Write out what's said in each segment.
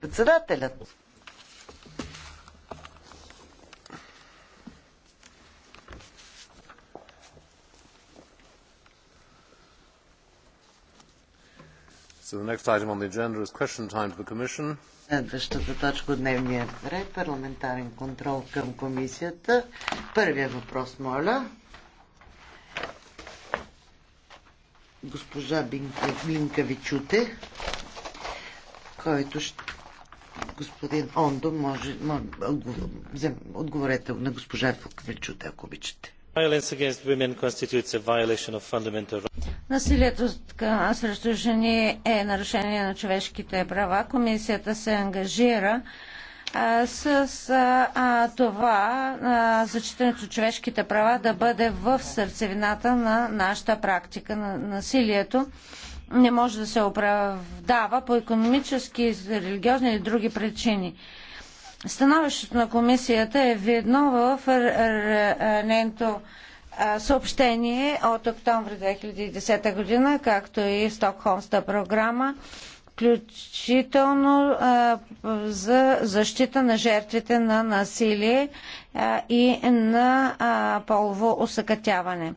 Председателят. So the next item on the agenda is question time to the Commission. Следващата точка от дневния ред парламентарен контрол към комисията. Първият въпрос, моля. Госпожа Бинка, Бинка Вичуте, който ще господин Ондо, може, може отговорете на госпожа Фуквичута, ако обичате. Насилието срещу жени е нарушение на човешките права. Комисията се ангажира с а, това а, зачитането на човешките права да бъде в сърцевината на нашата практика на насилието не може да се оправдава по економически, религиозни или други причини. Становището на комисията е видно в нейното съобщение от октомври 2010 година, както и Стокхолмста програма, включително за защита на жертвите на насилие и на полово усъкътяване.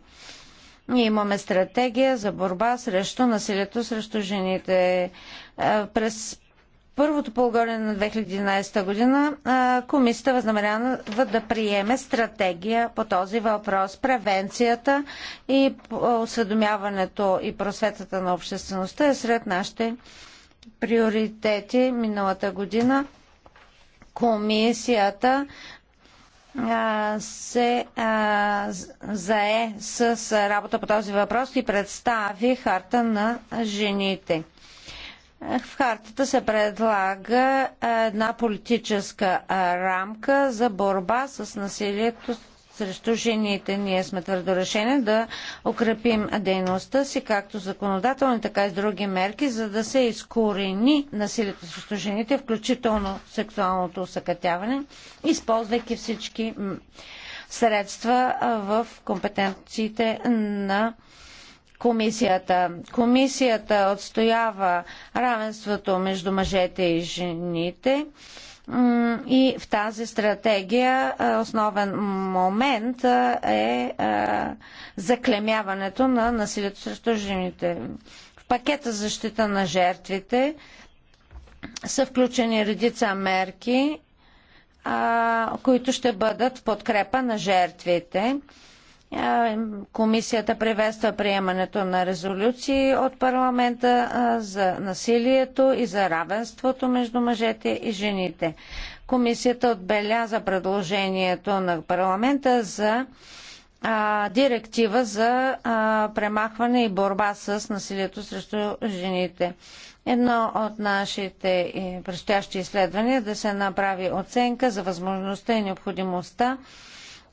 Ние имаме стратегия за борба срещу насилието срещу жените. Е, през първото полугодие на 2011 година е, комисията възнамерява да приеме стратегия по този въпрос. Превенцията и осведомяването и просветата на обществеността е сред нашите приоритети миналата година. Комисията се зае с работа по този въпрос и представи харта на жените. В хартата се предлага една политическа рамка за борба с насилието срещу жените. Ние сме твърдо решени да укрепим дейността си, както законодателни, така и с други мерки, за да се изкорени насилието срещу жените, включително сексуалното усъкътяване, използвайки всички средства в компетенциите на комисията. Комисията отстоява равенството между мъжете и жените и в тази стратегия основен момент е заклемяването на насилието срещу жените. В пакета защита на жертвите са включени редица мерки, които ще бъдат в подкрепа на жертвите. Е, комисията приветства приемането на резолюции от парламента е, за насилието и за равенството между мъжете и жените. Комисията отбеляза предложението на парламента за а, е, директива за а, премахване и борба с насилието срещу жените. Едно от нашите предстоящи изследвания е да се направи оценка за възможността и необходимостта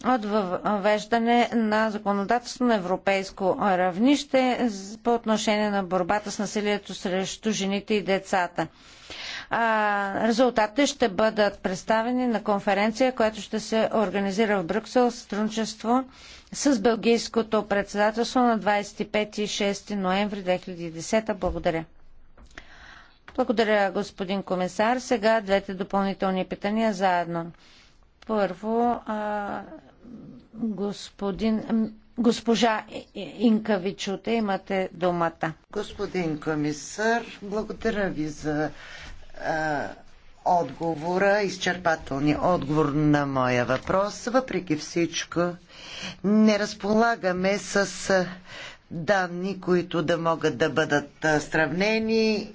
от въвеждане на законодателство на европейско равнище по отношение на борбата с насилието срещу жените и децата. А, резултатите ще бъдат представени на конференция, която ще се организира в Брюксел в сътрудничество с Белгийското председателство на 25 и 6 ноември 2010. Благодаря. Благодаря, господин комисар. Сега двете допълнителни питания заедно. Първо, а, господин, госпожа Инкавичуте, имате думата. Господин комисар, благодаря ви за а, отговора, изчерпателния отговор на моя въпрос. Въпреки всичко, не разполагаме с данни, които да могат да бъдат сравнени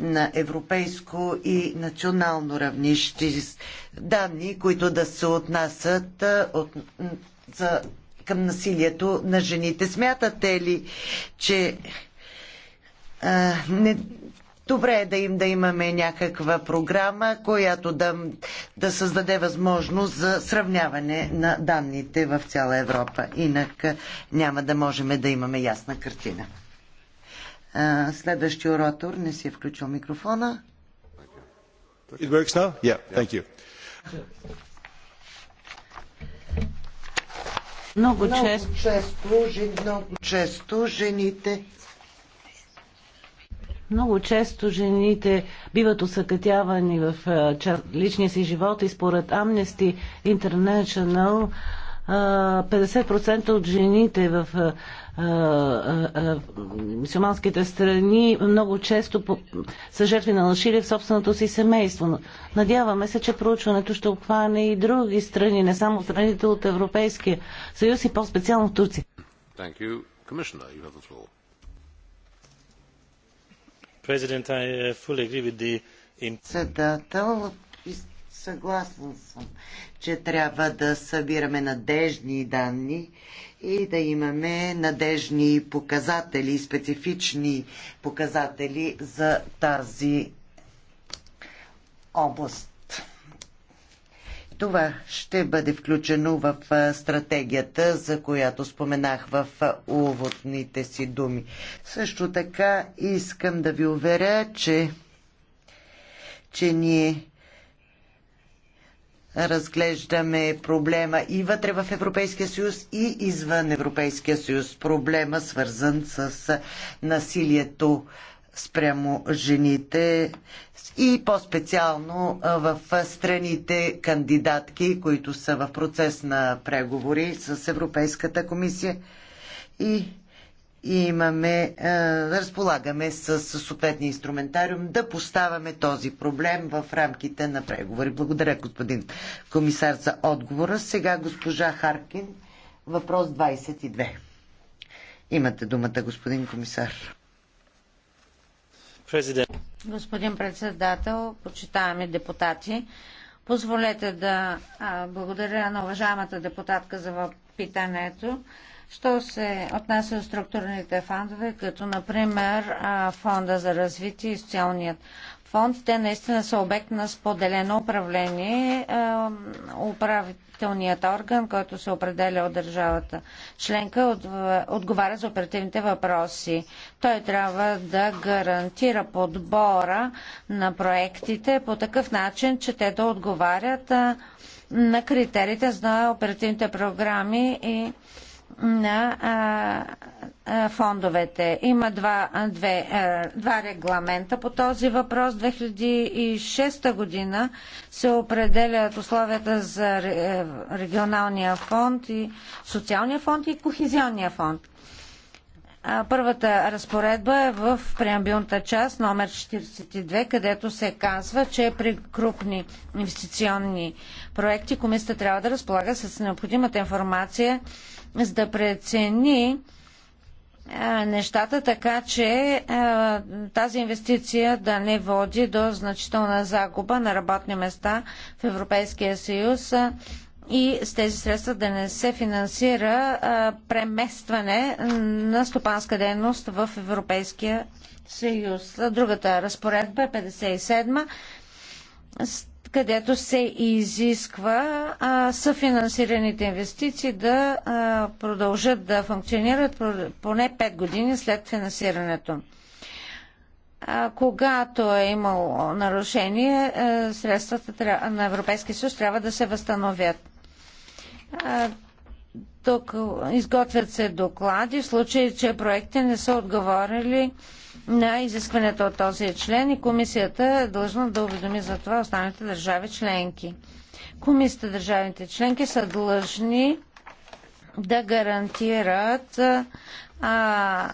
на европейско и национално равнище. Данни, които да се отнасят от, за, към насилието на жените. Смятате ли, че а, не, Добре е да им да имаме някаква програма, която да, да създаде възможност за сравняване на данните в цяла Европа. Инак няма да можем да имаме ясна картина. Следващия оратор не си е включил микрофона. It works now? Yeah, thank you. Много, много често. жен, много често жените много често жените биват усъкътявани в личния си живот и според Amnesty International 50% от жените в мусулманските страни много често са жертви на лъжили в собственото си семейство. Надяваме се, че проучването ще обхване и други страни, не само страните от Европейския съюз и по-специално в Турция. Uh, Председател, Съгласна съм, че трябва да събираме надежни данни и да имаме надежни показатели, специфични показатели за тази област. Това ще бъде включено в стратегията, за която споменах в уводните си думи. Също така искам да ви уверя, че, че ние разглеждаме проблема и вътре в Европейския съюз, и извън Европейския съюз. Проблема свързан с насилието спрямо жените и по-специално в страните кандидатки, които са в процес на преговори с Европейската комисия. И и имаме, е, разполагаме с, съответния инструментариум да поставяме този проблем в рамките на преговори. Благодаря, господин комисар, за отговора. Сега госпожа Харкин, въпрос 22. Имате думата, господин комисар. Президент. Господин председател, почитаваме депутати, позволете да благодаря на уважаемата депутатка за питането. Що се отнася до структурните фондове, като например фонда за развитие и социалният фонд, те наистина са обект на споделено управление. Управителният орган, който се определя от държавата членка, отговаря за оперативните въпроси. Той трябва да гарантира подбора на проектите по такъв начин, че те да отговарят на критериите за оперативните програми и на а, а, фондовете. Има два, две, а, два регламента по този въпрос. 2006 година се определят условията за е, регионалния фонд и социалния фонд и Кохизионния фонд. Първата разпоредба е в преамбилната част, номер 42, където се казва, че при крупни инвестиционни проекти комисията трябва да разполага с необходимата информация за да прецени нещата, така че тази инвестиция да не води до значителна загуба на работни места в Европейския съюз и с тези средства да не се финансира преместване на стопанска дейност в Европейския съюз. Другата разпоредба е 57 където се изисква а, съфинансираните инвестиции да а, продължат да функционират поне 5 години след финансирането. А, когато е имало нарушение, а, е, средствата на Европейския съюз трябва да се възстановят. А, тук изготвят се доклади в случай, че проекти не са отговорили а, на изискването от този член и комисията е длъжна да уведоми за това останалите държави членки. Комисията държавните членки са длъжни да гарантират а,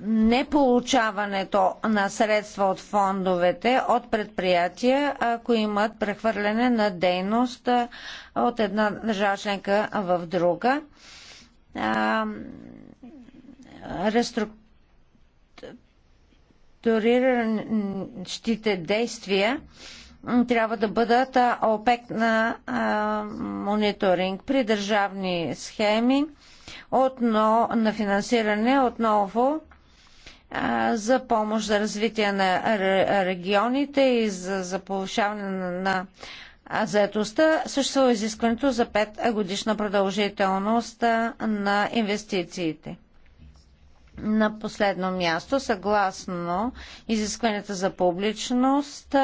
неполучаването на средства от фондовете от предприятия, ако имат прехвърляне на дейност от една държава членка в друга. А, реструк структуриращите действия трябва да бъдат обект на мониторинг при държавни схеми отно, на финансиране отново за помощ за развитие на регионите и за, за повишаване на заедостта. Съществува изискването за 5 годишна продължителност на инвестициите. На последно място, съгласно изискванията за публичност,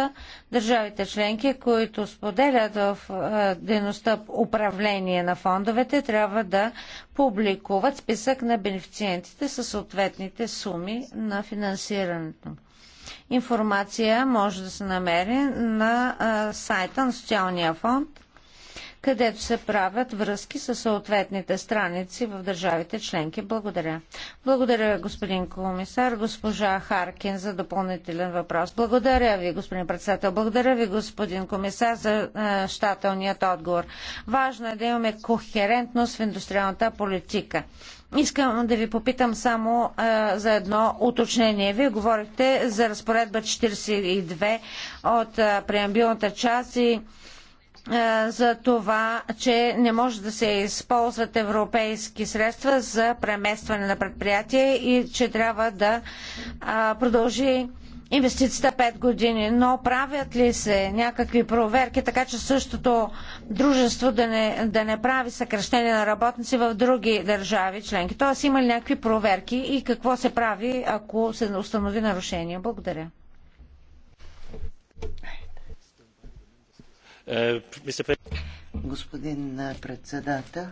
държавите членки, които споделят в е, дейността управление на фондовете, трябва да публикуват списък на бенефициентите със съответните суми на финансирането. Информация може да се намери на е, сайта на Социалния фонд където се правят връзки с съответните страници в държавите членки. Благодаря. Благодаря, господин комисар. Госпожа Харкин за допълнителен въпрос. Благодаря ви, господин председател. Благодаря ви, господин комисар, за е, щателният отговор. Важно е да имаме кохерентност в индустриалната политика. Искам да ви попитам само а, е, за едно уточнение. Вие говорихте за разпоредба 42 от а, е, преамбилната част и е, за това, че не може да се използват европейски средства за преместване на предприятие и че трябва да продължи инвестицията 5 години. Но правят ли се някакви проверки, така че същото дружество да не, да не прави съкръщение на работници в други държави членки? Тоест има ли някакви проверки и какво се прави, ако се установи нарушение? Благодаря. Господин председател,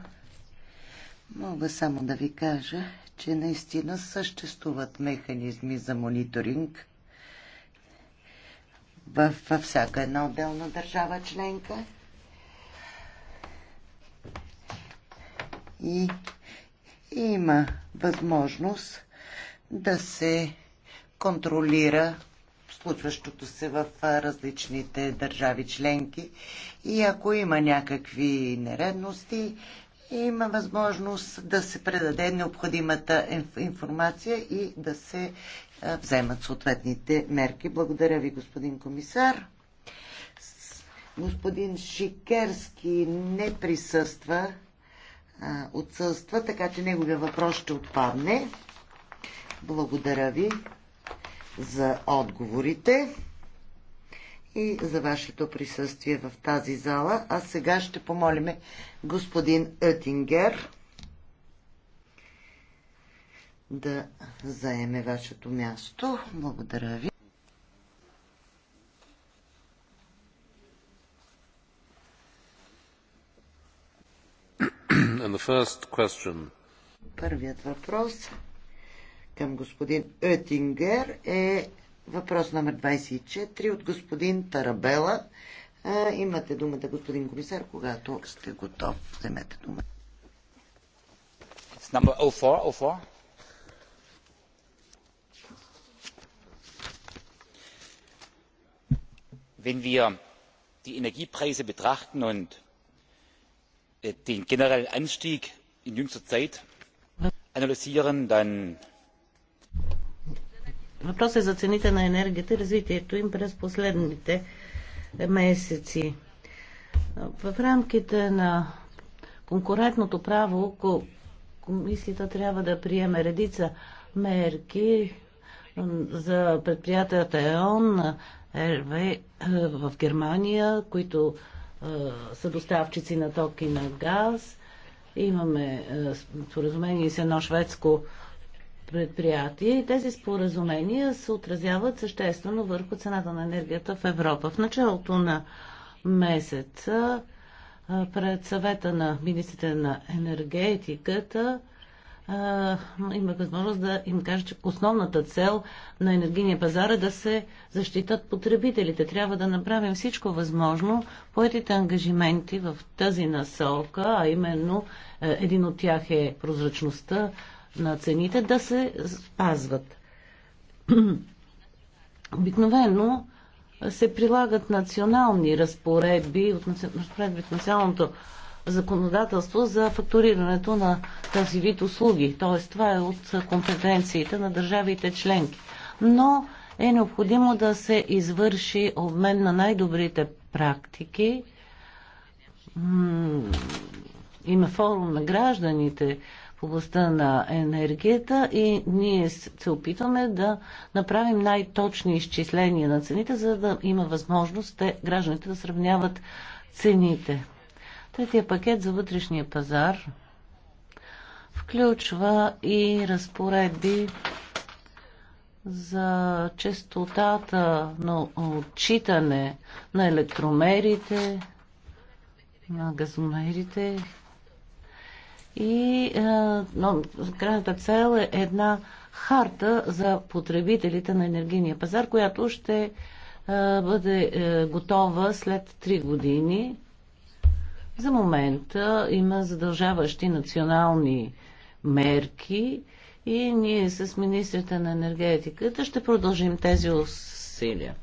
мога само да ви кажа, че наистина съществуват механизми за мониторинг във всяка една отделна държава членка. И има възможност да се контролира случващото се в различните държави членки. И ако има някакви нередности, има възможност да се предаде необходимата информация и да се вземат съответните мерки. Благодаря ви, господин комисар. Господин Шикерски не присъства, отсъства, така че неговия въпрос ще отпадне. Благодаря ви за отговорите и за вашето присъствие в тази зала. А сега ще помолиме господин Етингер да заеме вашето място. Благодаря ви. Първият въпрос към господин Оетингер е въпрос номер 24 от господин Тарабела. А, имате думата, господин комисар, когато сте готов. Вземете думата. It's number 04, 04. Wenn wir die Energiepreise betrachten und äh, den generellen Anstieg in jüngster Zeit analysieren, dann Въпросът е за цените на енергията и развитието им през последните месеци. В рамките на конкурентното право комисията трябва да приеме редица мерки за предприятията ЕОН, РВ е, в Германия, които е, са доставчици на ток и на газ. Имаме е, споразумение с едно шведско предприятия и тези споразумения се отразяват съществено върху цената на енергията в Европа. В началото на месеца пред съвета на министрите на енергетиката има възможност да им кажа, че основната цел на енергийния пазар е да се защитат потребителите. Трябва да направим всичко възможно, поетите ангажименти в тази насока, а именно е, един от тях е прозрачността, на цените да се спазват. Обикновено се прилагат национални разпоредби от националното законодателство за фактурирането на тази вид услуги. Т.е. това е от компетенциите на държавите членки. Но е необходимо да се извърши обмен на най-добрите практики. Има форум на гражданите, в областта на енергията и ние се опитваме да направим най-точни изчисления на цените, за да има възможност те, гражданите да сравняват цените. Третия пакет за вътрешния пазар включва и разпоредби за честотата на отчитане на електромерите, на газомерите и е, но, крайната цел е една харта за потребителите на енергийния пазар, която ще е, бъде е, готова след 3 години. За момента има задължаващи национални мерки и ние с министрите на енергетиката ще продължим тези усилия.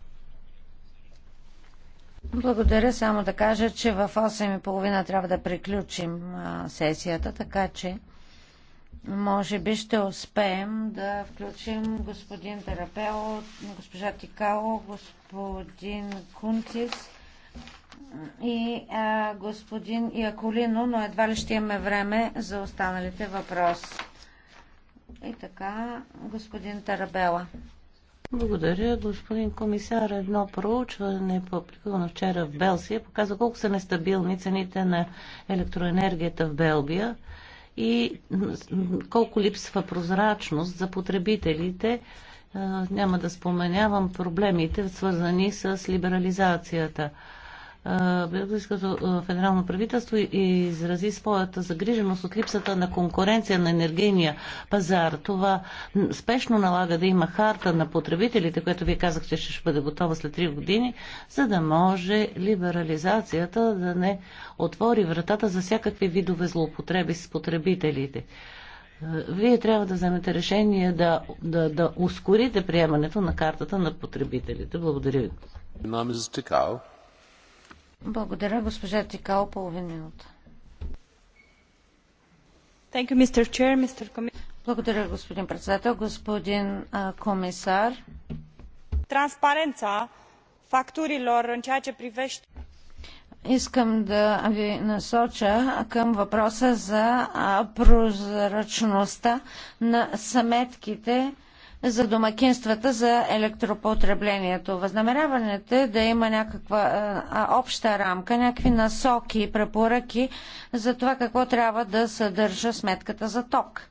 Благодаря. Само да кажа, че в 8.30 трябва да приключим а, сесията, така че може би ще успеем да включим господин Тарапело, госпожа Тикало, господин Кунтис и а, господин Яколино, но едва ли ще имаме време за останалите въпроси. И така, господин Тарабела. Благодаря, господин комисар. Едно проучване, публикувано вчера в Белсия, показва колко са нестабилни цените на електроенергията в Белгия и колко липсва прозрачност за потребителите. Няма да споменявам проблемите, свързани с либерализацията. Белгийското федерално правителство изрази своята загриженост от липсата на конкуренция на енергийния пазар. Това спешно налага да има харта на потребителите, което вие казахте, че ще бъде готова след 3 години, за да може либерализацията да не отвори вратата за всякакви видове злоупотреби с потребителите. Вие трябва да вземете решение да, да, да ускорите приемането на картата на потребителите. Благодаря ви. Благодаря, госпожа Тикао, половин минута. Благодаря, господин председател. Господин комисар. Транспаренța facturilor în ceea ce privește Искам да ви насоча към въпроса за прозрачността на съметките за домакинствата за електропотреблението. Възнамеряването е да има някаква а, обща рамка, някакви насоки и препоръки за това какво трябва да съдържа сметката за ток.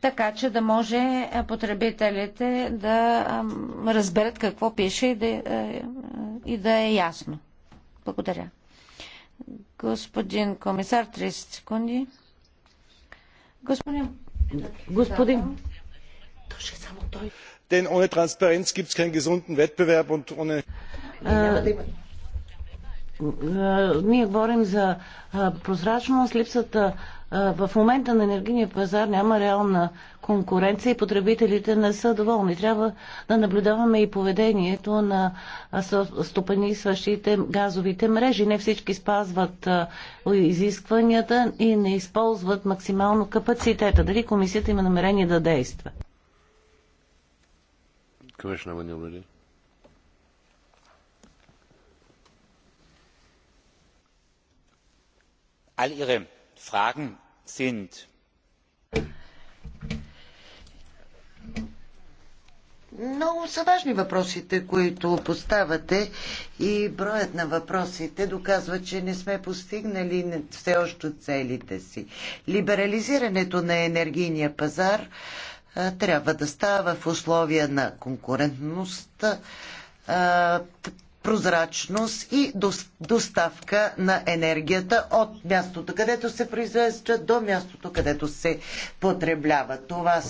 Така че да може потребителите да а, разберат какво пише и да, а, е, и да е ясно. Благодаря. Господин комисар, 30 секунди. Господин. Господин. Denn ohne Transparenz gibt es keinen gesunden Wettbewerb und ohne. Е, ние говорим за прозрачност, липсата в момента на енергийния пазар няма реална конкуренция и потребителите не са доволни. Трябва да наблюдаваме и поведението на стопани сващите газовите мрежи. Не всички спазват изискванията и не използват максимално капацитета. Дали комисията има намерение да действа? Commissioner, when you're ready. All Ihre Fragen sind. Много са важни въпросите, които поставяте и броят на въпросите доказва, че не сме постигнали все още целите си. Либерализирането на енергийния пазар трябва да става в условия на конкурентност, прозрачност и доставка на енергията от мястото, където се произвежда, до мястото, където се потреблява. Това,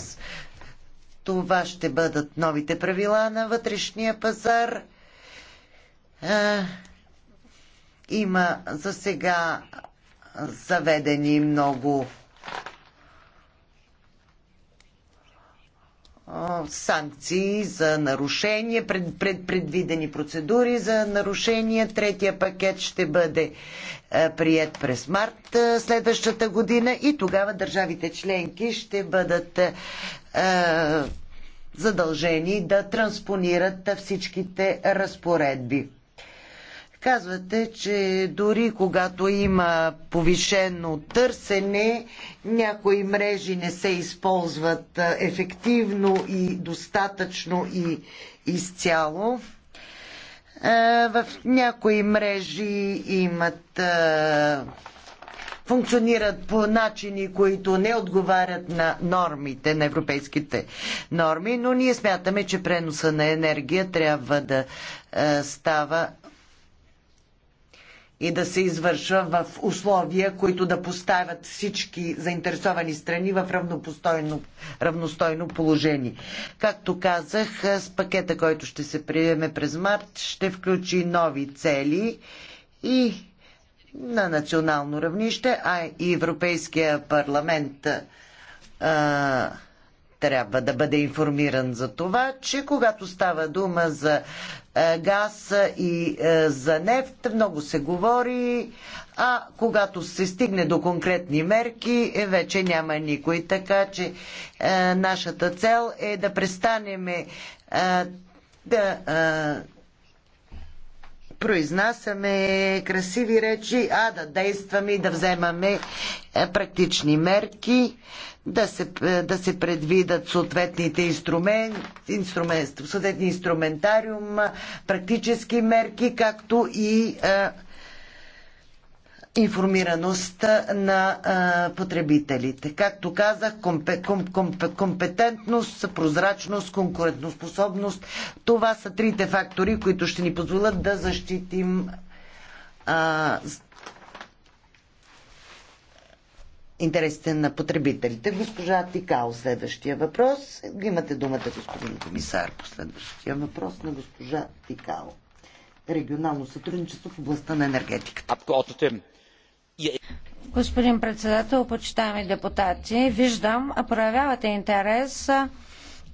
това ще бъдат новите правила на вътрешния пазар. Има за сега заведени много санкции за нарушения, пред, пред, предвидени процедури за нарушения. Третия пакет ще бъде е, прият през март е, следващата година и тогава държавите членки ще бъдат е, задължени да транспонират всичките разпоредби. Казвате, че дори когато има повишено търсене, някои мрежи не се използват ефективно и достатъчно и изцяло. В някои мрежи имат функционират по начини, които не отговарят на нормите, на европейските норми, но ние смятаме, че преноса на енергия трябва да става и да се извършва в условия, които да поставят всички заинтересовани страни в равностойно положение. Както казах, с пакета, който ще се приеме през март, ще включи нови цели и на национално равнище, а и Европейския парламент а, трябва да бъде информиран за това, че когато става дума за е, газ и е, за нефт, много се говори, а когато се стигне до конкретни мерки, е, вече няма никой. Така че нашата цел е да престанеме да произнасяме красиви речи, а да действаме и да вземаме практични мерки да се, е, да се предвидат съответните инструмент, инструмент, съответни инструментариум, практически мерки, както и е, информираност на е, потребителите. Както казах, компе, ком, ком, компетентност, прозрачност, конкурентоспособност. Това са трите фактори, които ще ни позволят да защитим е, интересите на потребителите. Госпожа Тикао, следващия въпрос. Имате думата, господин комисар, последващия въпрос на госпожа Тикао. Регионално сътрудничество в областта на енергетиката. Господин председател, почитаеми депутати, виждам, проявявате интерес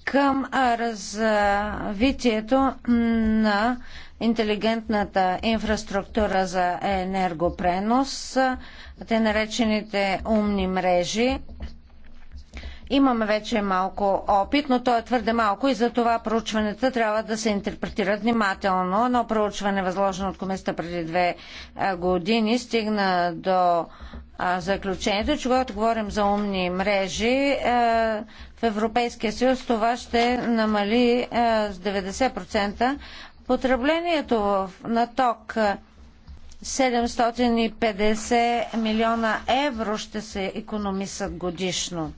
към развитието на интелигентната инфраструктура за енергопренос, те наречените умни мрежи. Имаме вече малко опит, но то е твърде малко и за това проучването трябва да се интерпретират внимателно. Едно проучване, възложено от комисията преди две години, стигна до заключението, че когато говорим за умни мрежи, е, в Европейския съюз това ще намали е, с 90% потреблението на ток. 750 е, милиона евро ще се економисат годишно.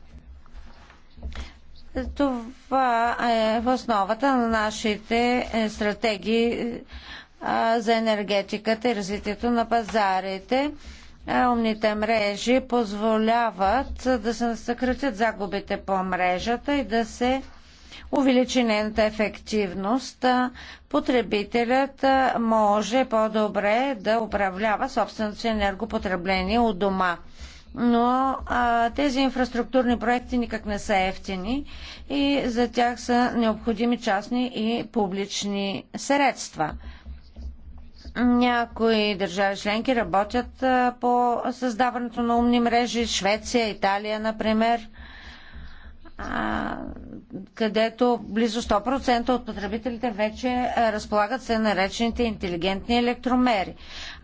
Това е в основата на нашите стратегии за енергетиката и развитието на пазарите. Умните мрежи позволяват да се съкратят загубите по мрежата и да се увеличи нейната ефективност. Потребителят може по-добре да управлява собственото си енергопотребление от дома но а, тези инфраструктурни проекти никак не са ефтини и за тях са необходими частни и публични средства. Някои държави членки работят по създаването на умни мрежи, Швеция, Италия, например, където близо 100% от потребителите вече разполагат се наречените интелигентни електромери.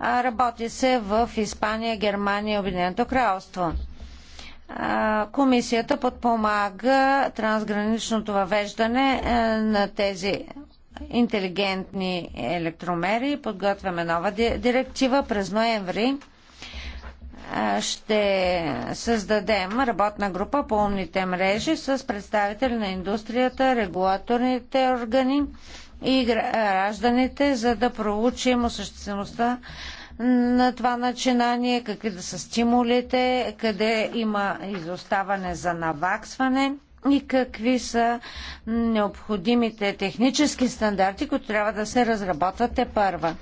Работи се в Испания, Германия и Обединеното кралство. Комисията подпомага трансграничното въвеждане на тези интелигентни електромери. Подготвяме нова директива през ноември. Ще създадем работна група по умните мрежи с представители на индустрията, регулаторните органи и гражданите, за да проучим осъществеността на това начинание, какви да са стимулите, къде има изоставане за наваксване – и какви са необходимите технически стандарти, които трябва да се разработват е първа.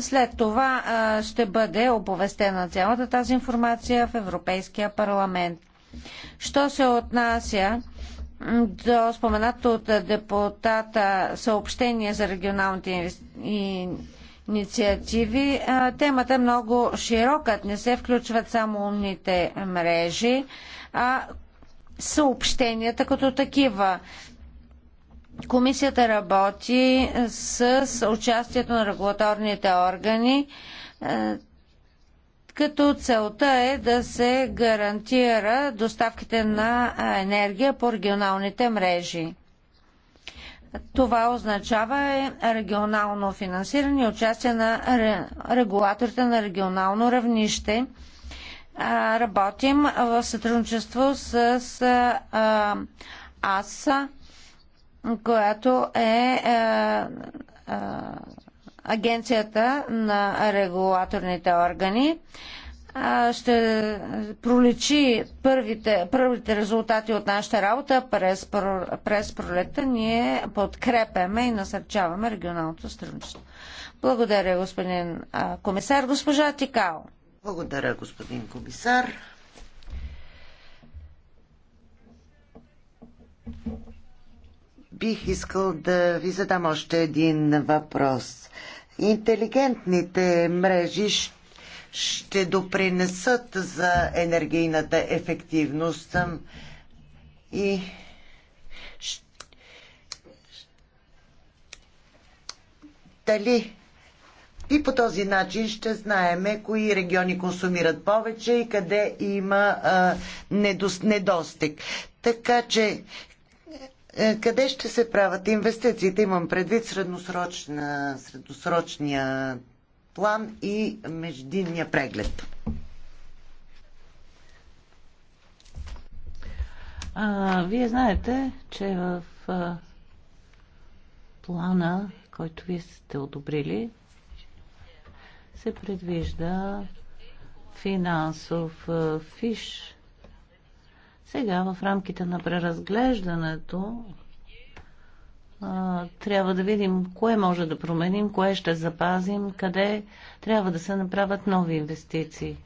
След това ще бъде оповестена цялата тази информация в Европейския парламент. Що се отнася до споменато от депутата съобщение за регионалните инициативи. Темата е много широка. Не се включват само умните мрежи, а съобщенията като такива. Комисията работи с участието на регулаторните органи, е, като целта е да се гарантира доставките на е, енергия по регионалните мрежи. Това означава е, регионално финансиране и участие на регулаторите на регионално равнище – работим в сътрудничество с АСА, която е агенцията на регулаторните органи. Ще проличи първите, първите резултати от нашата работа през, през пролета. Ние подкрепяме и насърчаваме регионалното сътрудничество. Благодаря, господин комисар. Госпожа Тикао. Благодаря, господин комисар. Бих искал да ви задам още един въпрос. Интелигентните мрежи ще допринесат за енергийната ефективност и дали и по този начин ще знаеме кои региони консумират повече и къде има а, недостиг. Така че е, къде ще се правят инвестициите? Имам предвид средносрочния план и междинния преглед. А, вие знаете, че в а, плана, който вие сте одобрили, се предвижда финансов фиш. Сега в рамките на преразглеждането трябва да видим кое може да променим, кое ще запазим, къде трябва да се направят нови инвестиции.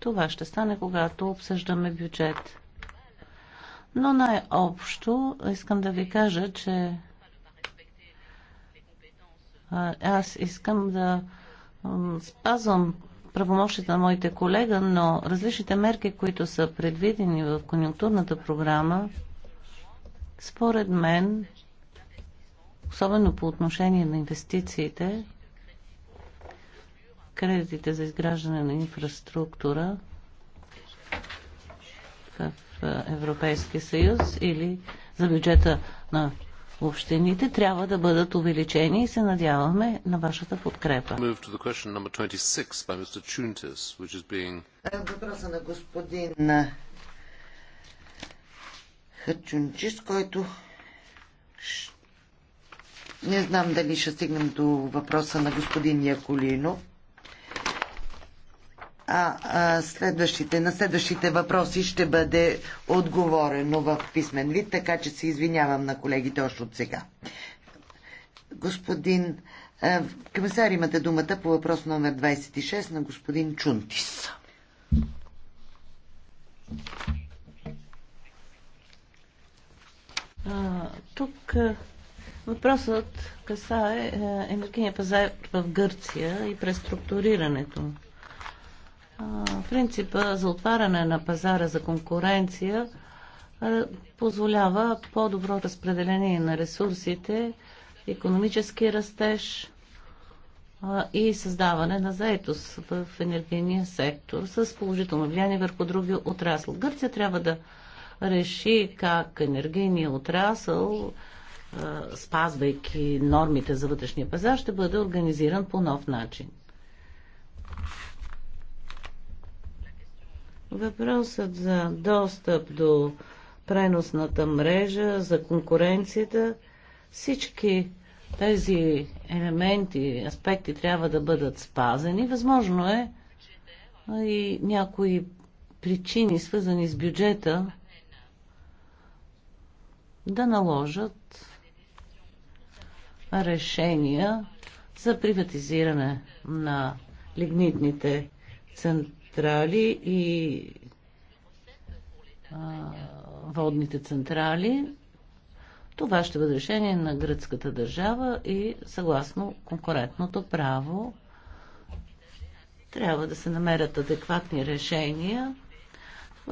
Това ще стане, когато обсъждаме бюджет. Но най-общо искам да ви кажа, че аз искам да спазвам правомощите на моите колега, но различните мерки, които са предвидени в конъюнктурната програма, според мен, особено по отношение на инвестициите, кредитите за изграждане на инфраструктура в Европейския съюз или за бюджета на общините трябва да бъдат увеличени и се надяваме на вашата подкрепа. Е, въпроса на господин Хачунчис, който не знам дали ще стигнем до въпроса на господин Яколинов а, а следващите, на следващите въпроси ще бъде отговорено в писмен вид, така че се извинявам на колегите още от сега. Господин комисар, имате думата по въпрос номер 26 на господин Чунтис. А, тук въпросът е енергийния пазар в Гърция и преструктурирането Принципа за отваряне на пазара за конкуренция позволява по-добро разпределение на ресурсите, економически растеж и създаване на заетост в енергийния сектор с положително влияние върху други отрасъл. Гърция трябва да реши как енергийния отрасъл, спазвайки нормите за вътрешния пазар, ще бъде организиран по нов начин. Въпросът за достъп до преносната мрежа, за конкуренцията, всички тези елементи, аспекти трябва да бъдат спазени. Възможно е и някои причини, свързани с бюджета, да наложат решения за приватизиране на лигнитните централи централи и а, водните централи. Това ще бъде решение на гръцката държава и съгласно конкурентното право трябва да се намерят адекватни решения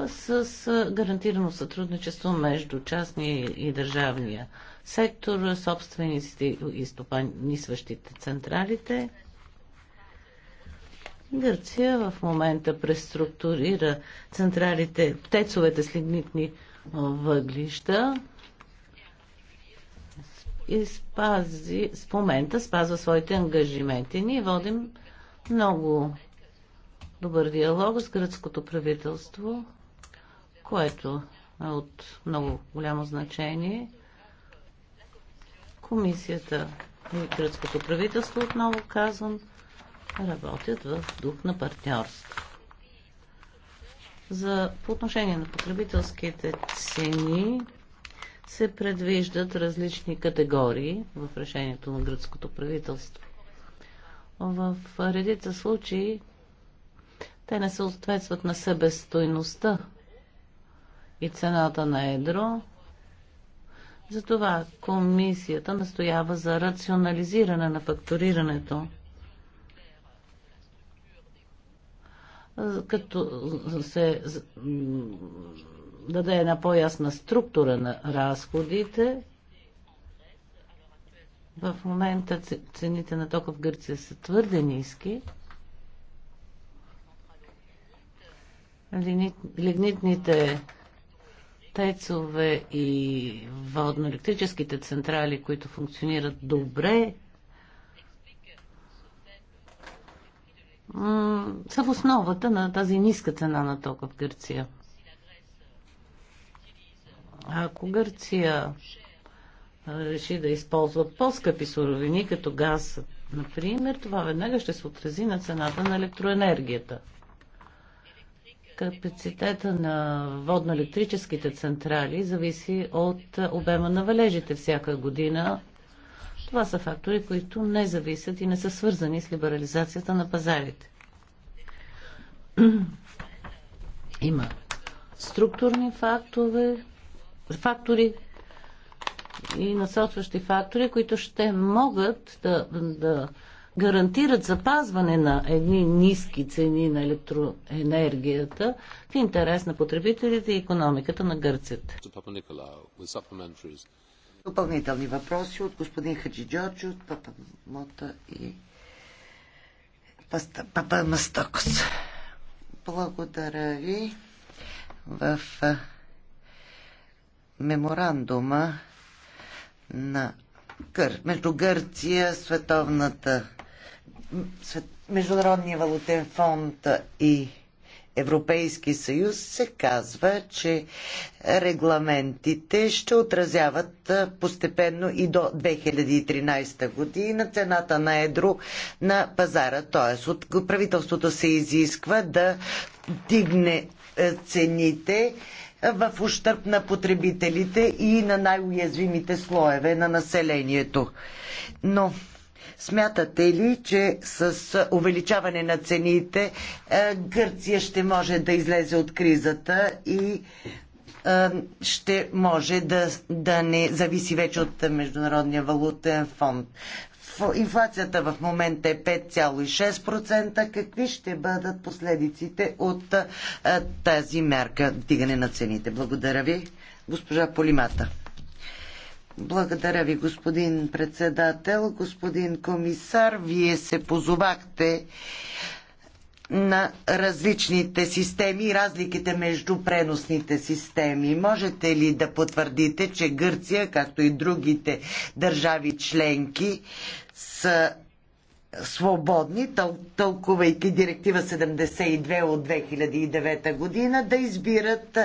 с гарантирано сътрудничество между частния и държавния сектор, собствениците и стопанисващите централите. Гърция в момента преструктурира централите, тецовете с лигнитни въглища и спази, в момента спазва своите ангажименти. Ние водим много добър диалог с гръцкото правителство, което е от много голямо значение. Комисията и гръцкото правителство, отново казвам, работят в дух на партньорство. За, по отношение на потребителските цени се предвиждат различни категории в решението на гръцкото правителство. В редица случаи те не съответстват на себестойността и цената на едро. Затова комисията настоява за рационализиране на факторирането като се даде една по-ясна структура на разходите. В момента цените на тока в Гърция са твърде ниски. Лигнитните тецове и водно-електрическите централи, които функционират добре, са в основата на тази ниска цена на тока в Гърция. Ако Гърция реши да използва по-скъпи суровини, като газ, например, това веднага ще се отрази на цената на електроенергията. Капацитета на водно-електрическите централи зависи от обема на валежите всяка година това са фактори, които не зависят и не са свързани с либерализацията на пазарите. Има структурни фактове, фактори и насочващи фактори, които ще могат да, да гарантират запазване на едни ниски цени на електроенергията в интерес на потребителите и економиката на Гърцията. Допълнителни въпроси от господин Джорджи от Папа Мота и Папа Мастокос. Благодаря ви. В меморандума на Гър... между Гърция, Световната Свет... Международния валутен фонд и Европейски съюз се казва, че регламентите ще отразяват постепенно и до 2013 година цената на едро на пазара. Т.е. от правителството се изисква да дигне е, цените в ущърп на потребителите и на най-уязвимите слоеве на населението. Но Смятате ли, че с увеличаване на цените е, Гърция ще може да излезе от кризата и е, ще може да, да не зависи вече от Международния валутен фонд? Инфлацията в момента е 5,6%. Какви ще бъдат последиците от е, тази мерка дигане на цените? Благодаря ви, госпожа Полимата. Благодаря ви, господин председател. Господин комисар, вие се позовахте на различните системи и разликите между преносните системи. Можете ли да потвърдите, че Гърция, както и другите държави членки, са свободни, тъл, тълкувайки директива 72 от 2009 година, да избират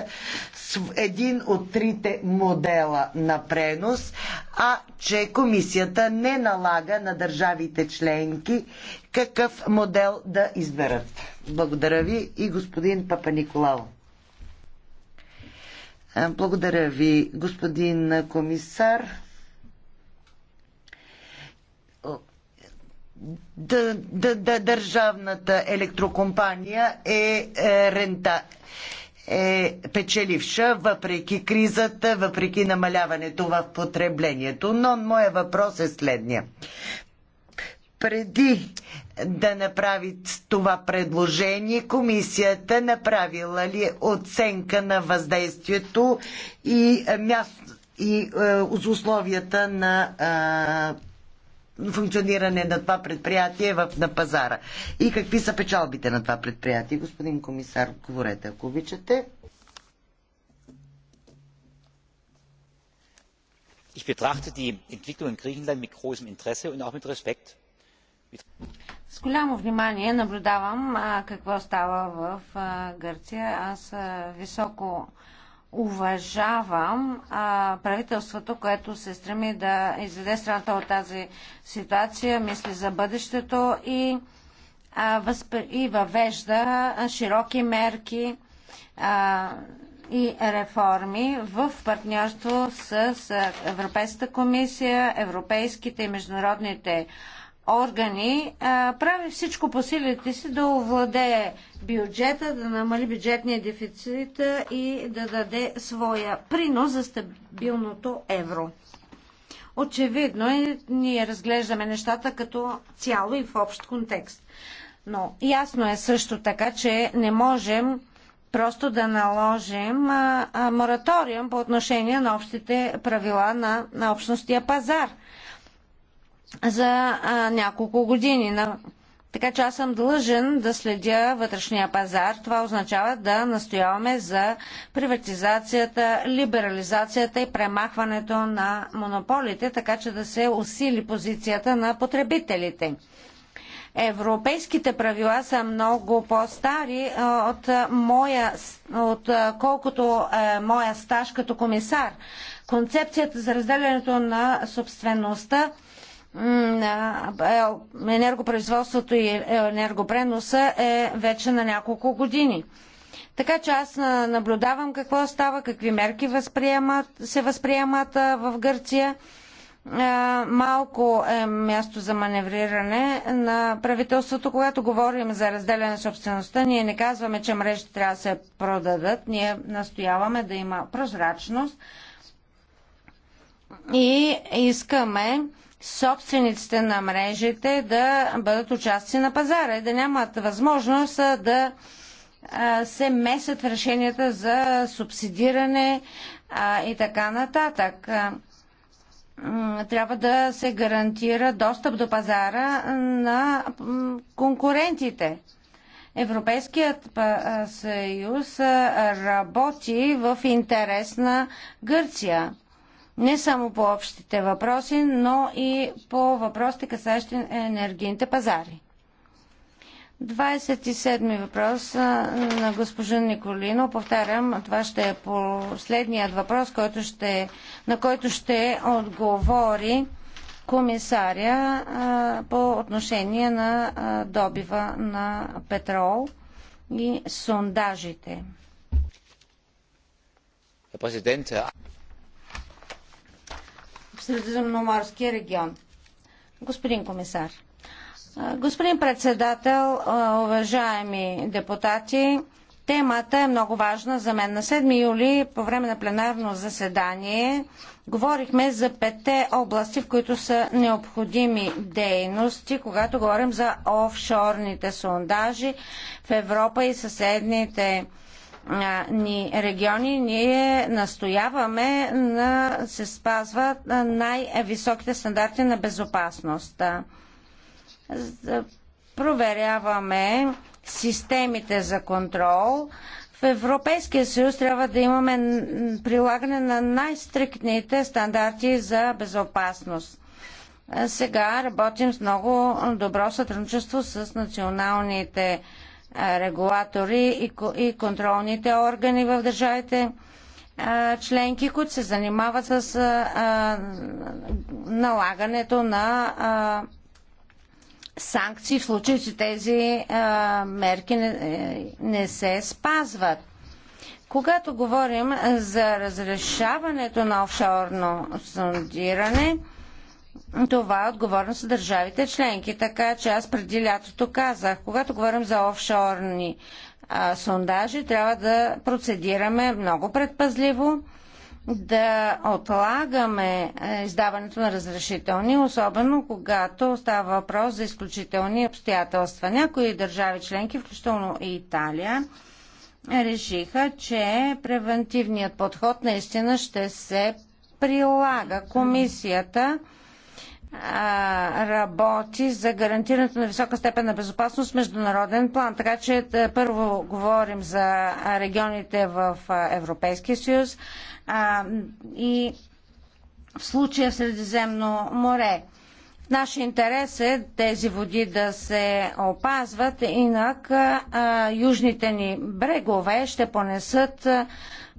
един от трите модела на пренос, а че комисията не налага на държавите членки какъв модел да изберат. Благодаря ви и господин Папа Николао. Благодаря ви, господин комисар. Да държавната електрокомпания е, е, рента е печеливша, въпреки кризата, въпреки намаляването в потреблението. Но моя въпрос е следния. Преди да направи това предложение, комисията направила ли е оценка на въздействието и, е, място, и е, условията на е, функциониране на това предприятие в, на пазара. И какви са печалбите на това предприятие? Господин комисар, говорете, ако обичате. Ich betrachte die Entwicklung in Griechenland mit großem Interesse und auch mit Respekt. С голямо внимание наблюдавам а, какво става в а, Гърция. Аз а, високо а, уважавам а, правителството, което се стреми да изведе страната от тази ситуация, мисли за бъдещето и, а, възпри... и въвежда широки мерки а, и реформи в партньорство с Европейската комисия, европейските и международните органи а, прави всичко по силите си да овладее бюджета, да намали бюджетния дефицит и да даде своя принос за стабилното евро. Очевидно и е, ние разглеждаме нещата като цяло и в общ контекст. Но ясно е също така, че не можем просто да наложим а, а, мораториум по отношение на общите правила на, на общностия пазар – за а, няколко години. На... Така че аз съм длъжен да следя вътрешния пазар. Това означава да настояваме за приватизацията, либерализацията и премахването на монополите, така че да се усили позицията на потребителите. Европейските правила са много по-стари от, моя, от колкото е, моя стаж като комисар. Концепцията за разделянето на собствеността енергопроизводството и е, енергопреноса е вече на няколко години. Така че аз наблюдавам какво става, какви мерки възприемат, се възприемат в Гърция. Малко е място за маневриране на правителството. Когато говорим за разделяне на собствеността, ние не казваме, че мрежите трябва да се продадат. Ние настояваме да има прозрачност и искаме собствениците на мрежите да бъдат участници на пазара и да нямат възможност да се месят в решенията за субсидиране и така нататък. Трябва да се гарантира достъп до пазара на конкурентите. Европейският съюз работи в интерес на Гърция не само по общите въпроси, но и по въпросите, касащи енергийните пазари. 27 въпрос на госпожа Николино. Повтарям, това ще е последният въпрос, който ще, на който ще отговори комисаря а, по отношение на а, добива на петрол и сондажите. Президента. Средиземноморския регион. Господин комисар. Господин председател, уважаеми депутати, Темата е много важна за мен. На 7 юли, по време на пленарно заседание, говорихме за пете области, в които са необходими дейности, когато говорим за офшорните сондажи в Европа и съседните ни региони, ние настояваме да на, се спазват най-високите стандарти на безопасност. Проверяваме системите за контрол. В Европейския съюз трябва да имаме прилагане на най-стриктните стандарти за безопасност. Сега работим с много добро сътрудничество с националните регулатори и контролните органи в държавите членки, които се занимават с налагането на санкции в случай, че тези мерки е, не се спазват. Когато говорим за разрешаването на офшорно сондиране, това е отговорност на държавите членки. Така че аз преди лятото казах, когато говорим за офшорни а, сондажи, трябва да процедираме много предпазливо, да отлагаме е, издаването на разрешителни, особено когато става въпрос за изключителни обстоятелства. Някои държави членки, включително и Италия, решиха, че превентивният подход наистина ще се прилага. Комисията работи за гарантирането на висока степен на безопасност в международен план. Така че е, първо говорим за регионите в Европейския съюз а, и в случая в Средиземно море. В наши интерес е тези води да се опазват, инак а, южните ни брегове ще понесат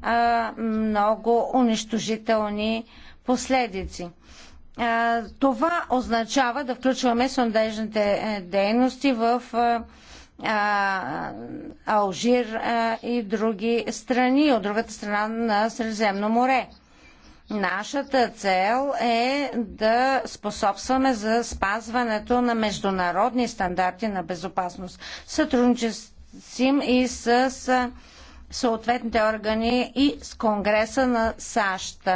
а, много унищожителни последици това означава да включваме сондежните е, дейности в Алжир и други страни, от другата страна на Средиземно море. Нашата цел е да способстваме за спазването на международни стандарти на безопасност. Сътрудничим и с съответните органи и с Конгреса на САЩ.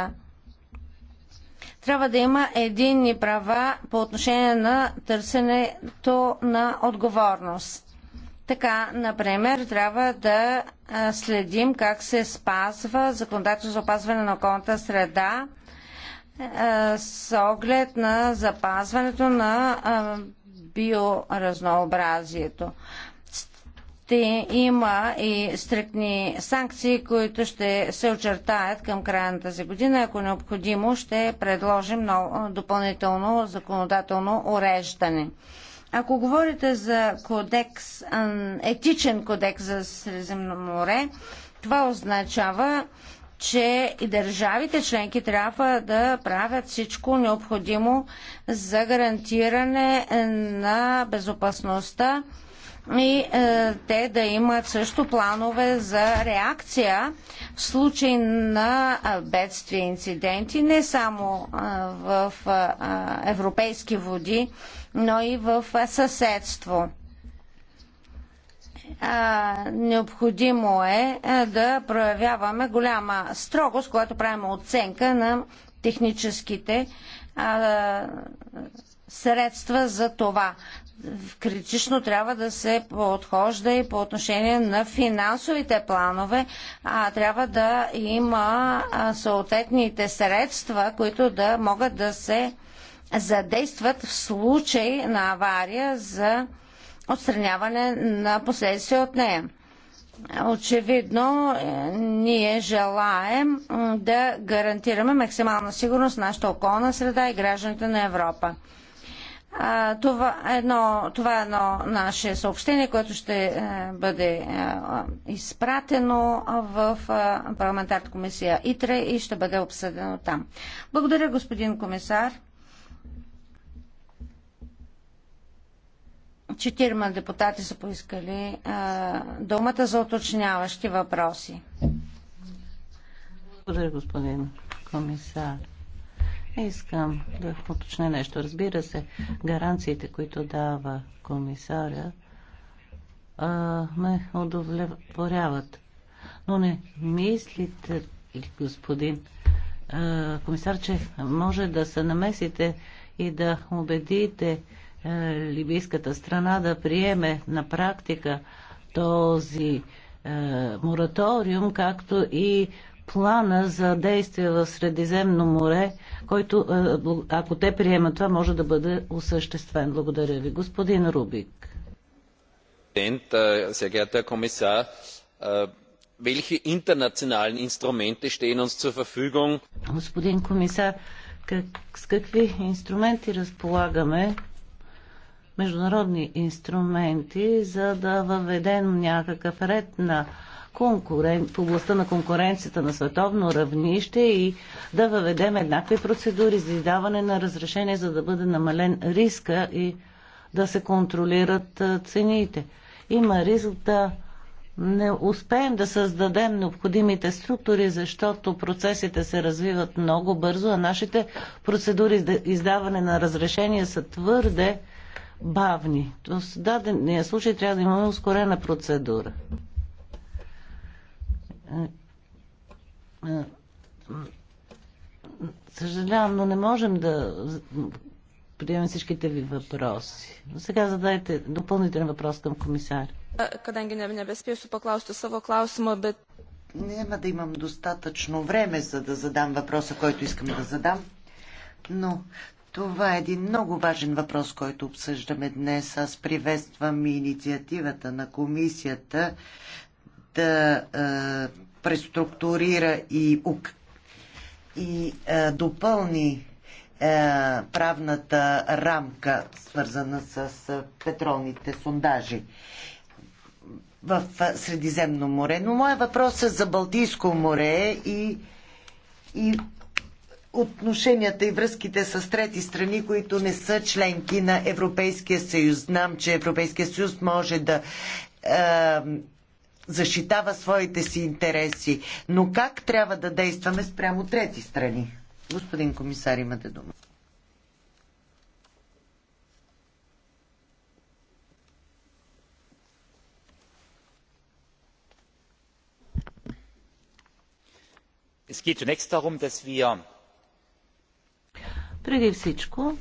Трябва да има единни права по отношение на търсенето на отговорност. Така, например, трябва да следим как се спазва законодателство за опазване на околната среда с оглед на запазването на биоразнообразието ще има и стрикни санкции, които ще се очертаят към края на тази година. Ако необходимо, ще предложим ново, допълнително законодателно уреждане. Ако говорите за кодекс, етичен кодекс за Средиземно море, това означава, че и държавите членки трябва да правят всичко необходимо за гарантиране на безопасността и е, те да имат също планове за реакция в случай на е, бедствия и инциденти, не само е, в е, европейски води, но и в е, съседство. А, е, необходимо е да проявяваме голяма строгост, когато правим оценка на техническите а, средства за това критично трябва да се подхожда и по отношение на финансовите планове, а трябва да има съответните средства, които да могат да се задействат в случай на авария за отстраняване на последствия от нея. Очевидно, е, ние желаем да гарантираме максимална сигурност на нашата околна среда и гражданите на Европа това, едно, това е едно наше съобщение, което ще е, бъде е, изпратено в е, парламентарната комисия ИТРЕ и ще бъде обсъдено там. Благодаря, господин комисар. Четирима депутати са поискали а, думата за уточняващи въпроси. Благодаря, господин комисар. Искам да уточня нещо. Разбира се, гаранциите, които дава комисаря, а, ме удовлетворяват. Но не мислите господин а, комисар, че може да се намесите и да убедите а, либийската страна да приеме на практика този а, мораториум, както и плана за действие в Средиземно море, който, е, ако те приемат това, може да бъде осъществен. Благодаря ви. Господин Рубик. Е, е, Господин комисар, как, с какви инструменти разполагаме, международни инструменти, за да въведем някакъв ред на конкурен... в областта на конкуренцията на световно равнище и да въведем еднакви процедури за издаване на разрешение, за да бъде намален риска и да се контролират цените. Има риск да не успеем да създадем необходимите структури, защото процесите се развиват много бързо, а нашите процедури за издаване на разрешения са твърде бавни. В дадения случай трябва да имаме ускорена процедура. Съжалявам, но не можем да приемем всичките ви въпроси. Но сега задайте допълнителен въпрос към комисар. Каданги не, не бе поклаусто саво клаусма, бе... Няма да имам достатъчно време, за да задам въпроса, който искам да задам. Но това е един много важен въпрос, който обсъждаме днес. Аз приветствам инициативата на комисията да преструктурира и, и допълни правната рамка, свързана с петролните сондажи в Средиземно море. Но моят въпрос е за Балтийско море и, и отношенията и връзките с трети страни, които не са членки на Европейския съюз. Знам, че Европейския съюз може да защитава своите си интереси. Но как трябва да действаме спрямо трети страни? Господин комисар, имате дума. преди всичко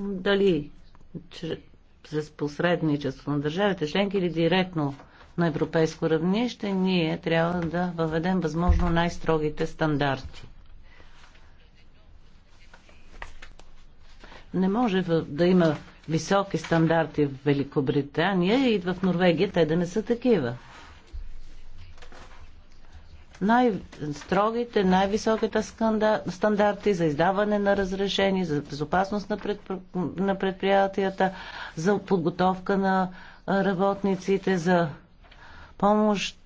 дали с посредничество на държавите членки или директно на европейско равнище, ние трябва да въведем възможно най-строгите стандарти. Не може да има високи стандарти в Великобритания и в Норвегия те да не са такива най-строгите, най-високите стандарти за издаване на разрешения, за безопасност на, предпри... на предприятията, за подготовка на работниците, за помощ.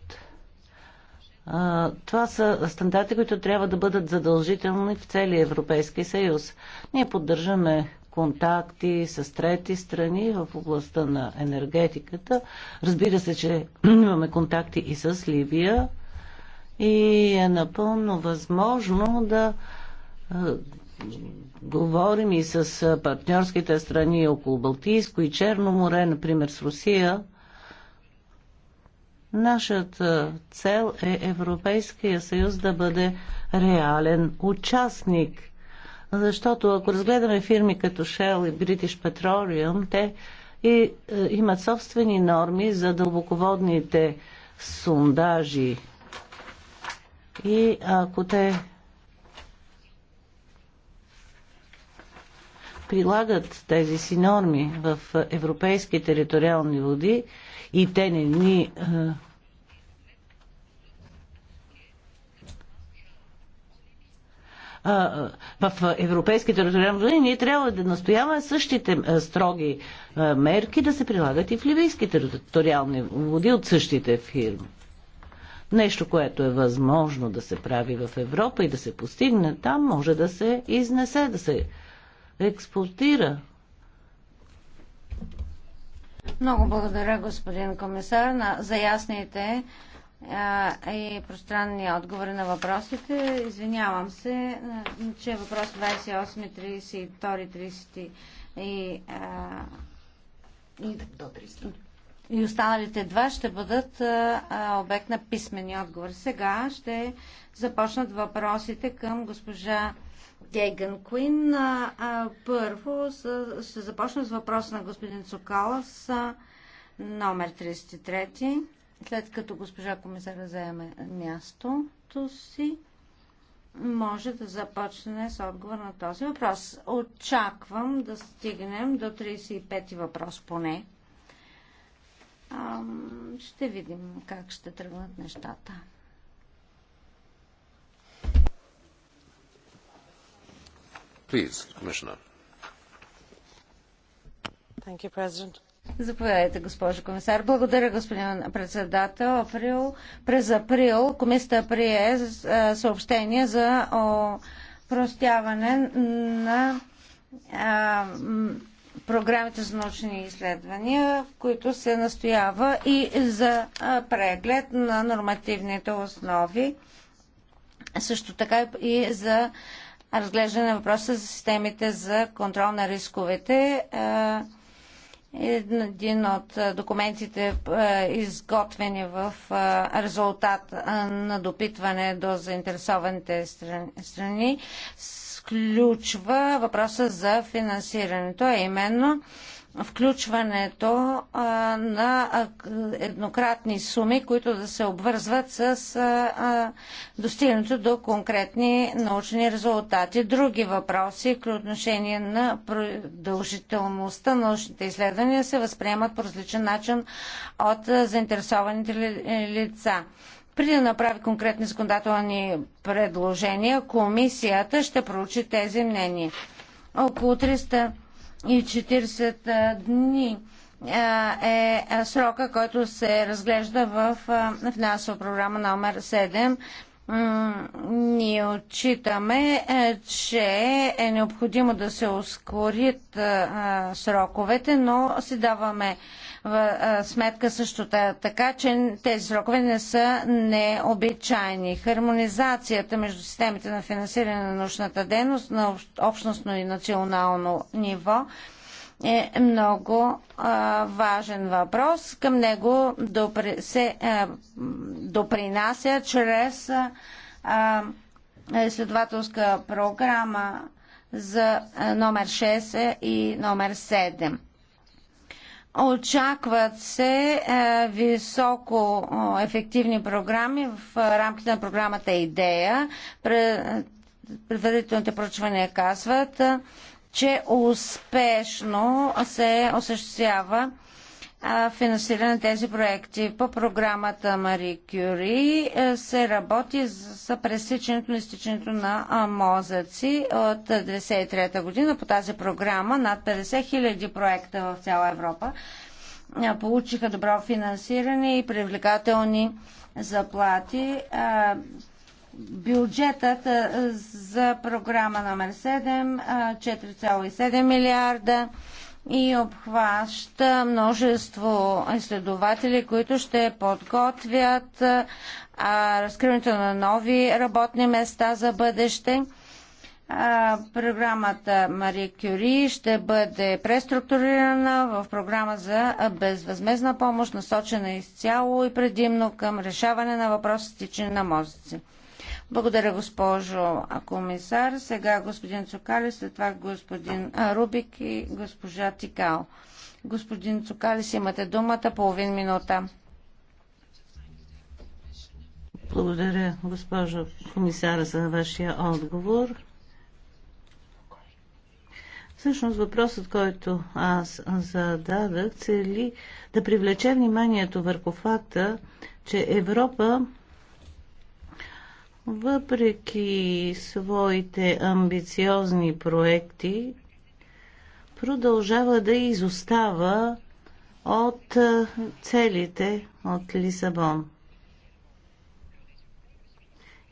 Това са стандарти, които трябва да бъдат задължителни в целия Европейски съюз. Ние поддържаме контакти с трети страни в областта на енергетиката. Разбира се, че имаме контакти и с Ливия и е напълно възможно да говорим и с партньорските страни около Балтийско и Черно море, например с Русия. Нашата цел е Европейския съюз да бъде реален участник. Защото ако разгледаме фирми като Shell и British Petroleum, те и, имат собствени норми за дълбоководните сундажи и ако те прилагат тези си норми в европейски териториални води и те не ни е, в европейски териториални води, ние трябва да настояваме същите е, строги е, мерки да се прилагат и в ливийски териториални води от същите фирми. Нещо, което е възможно да се прави в Европа и да се постигне там, може да се изнесе, да се експортира. Много благодаря, господин комисар, за ясните и пространни отговори на въпросите. Извинявам се, че въпрос 28, 32, 30 и, а, и до 30 и останалите два ще бъдат обект на писмени отговори. Сега ще започнат въпросите към госпожа Гейган Куин. Първо ще започна с въпроса на господин Цокалас, номер 33, след като госпожа комисара заеме мястото си може да започне с отговор на този въпрос. Очаквам да стигнем до 35 въпрос поне ще видим как ще тръгнат нещата. Please, Commissioner. Thank you, President. Заповядайте, госпожо комисар. Благодаря, господин председател. Април, през април комисията прие съобщение за простяване на а, програмите за научни изследвания, в които се настоява и за преглед на нормативните основи, също така и за разглеждане на въпроса за системите за контрол на рисковете. Един от документите, изготвени в резултат на допитване до заинтересованите страни, включва въпроса за финансирането, а именно включването на еднократни суми, които да се обвързват с достигането до конкретни научни резултати. Други въпроси, при отношение на продължителността на научните изследвания, се възприемат по различен начин от заинтересованите лица. Преди да направи конкретни законодателни предложения, комисията ще проучи тези мнения. Около 340 дни е срока, който се разглежда в финансова програма номер 7 ние отчитаме, че е необходимо да се ускорят сроковете, но си даваме сметка също така, че тези срокове не са необичайни. Хармонизацията между системите на финансиране на научната дейност на общностно и национално ниво е много а, важен въпрос. Към него допри, се а, допринася чрез а, изследователска програма за номер 6 и номер 7. Очакват се е, високо ефективни програми в е, рамките на програмата Идея. Предварителните проучвания казват, е, че успешно се осъществява финансиране на тези проекти. По програмата Мари Кюри е, се работи за пресичането на изтичането на мозъци от 1993 година. По тази програма над 50 000 проекта в цяла Европа е, получиха добро финансиране и привлекателни заплати. Е, бюджетът за програма номер 7 4,7 милиарда и обхваща множество изследователи, които ще подготвят а, разкриването на нови работни места за бъдеще. А, програмата Мари Кюри ще бъде преструктурирана в програма за безвъзмезна помощ, насочена изцяло и предимно към решаване на въпросите на мозъци. Благодаря, госпожо комисар. Сега господин Цокали, след това господин Рубик и госпожа Тикал. Господин си имате думата половин минута. Благодаря, госпожо комисара, за вашия отговор. Всъщност въпросът, който аз зададах, цели да привлече вниманието върху факта, че Европа въпреки своите амбициозни проекти, продължава да изостава от целите от Лисабон.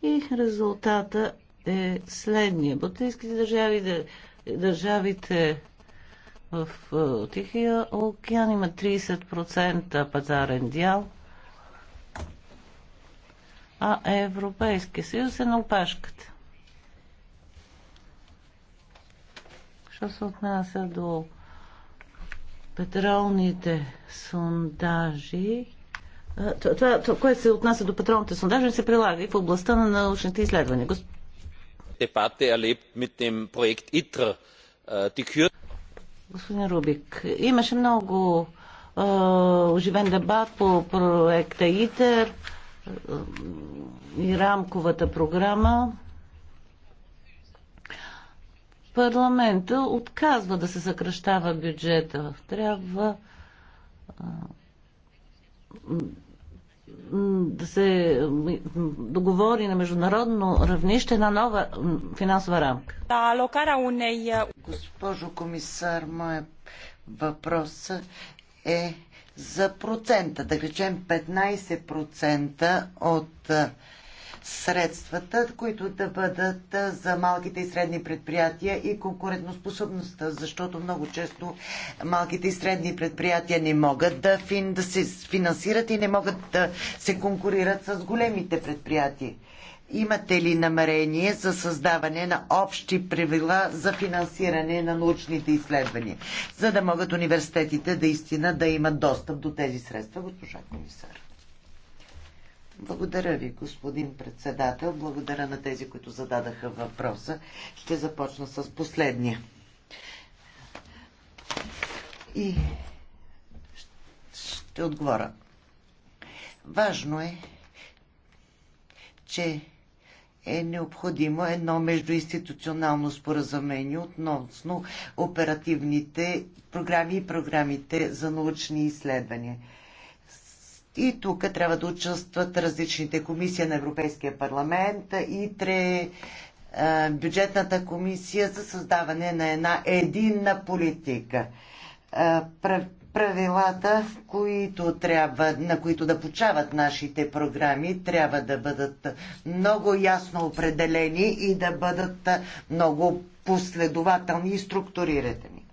И резултата е следния. Балтийските държави, държавите в Тихия океан има 30% пазарен дял – а Европейския съюз е на опашката. Що се отнася до петролните сондажи, това, това, което се отнася до петролните сондажи, се прилага и в областта на научните изследвания. Госп... Дебате erlebt mit dem Projekt ITRA. Господин Рубик, имаше много оживен дебат по проекта ИТЕР и рамковата програма, парламента отказва да се съкръщава бюджета. Трябва да се договори на международно равнище на нова финансова рамка. Да, локара нея. Госпожо комисар, моят въпрос е за процента, да речем 15% от средствата, които да бъдат за малките и средни предприятия и конкурентоспособността, защото много често малките и средни предприятия не могат да, фин, да се финансират и не могат да се конкурират с големите предприятия. Имате ли намерение за създаване на общи правила за финансиране на научните изследвания, за да могат университетите да истина да имат достъп до тези средства, госпожа комисар? Благодаря ви, господин председател. Благодаря на тези, които зададаха въпроса. Ще започна с последния. И ще отговоря. Важно е, че е необходимо едно междуинституционално споразумение относно оперативните програми и програмите за научни изследвания. И тук трябва да участват различните комисии на Европейския парламент, тре бюджетната комисия за създаване на една единна политика правилата, които трябва, на които да почават нашите програми, трябва да бъдат много ясно определени и да бъдат много последователни и структурирани.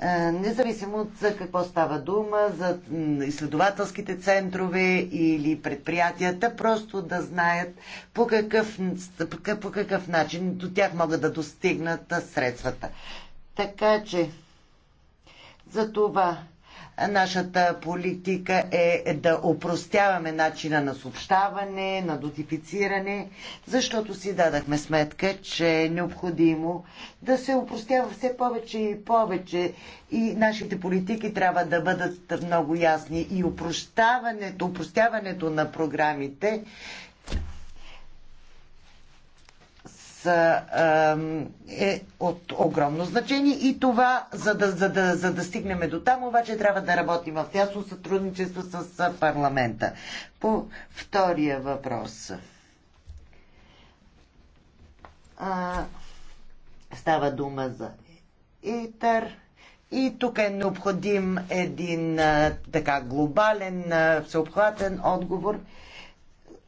Е, независимо от за какво става дума, за изследователските центрове или предприятията, просто да знаят по какъв, по какъв начин до тях могат да достигнат средствата. Така че затова нашата политика е да опростяваме начина на съобщаване, на дотифициране, защото си дадахме сметка, че е необходимо да се опростява все повече и повече и нашите политики трябва да бъдат много ясни и опрощаването, опростяването на програмите е от огромно значение и това, за да, за да, за да стигнем до там, обаче трябва да работим в тясно сътрудничество с парламента. По втория въпрос. А, става дума за ИТАР. И тук е необходим един а, така глобален, а, всеобхватен отговор.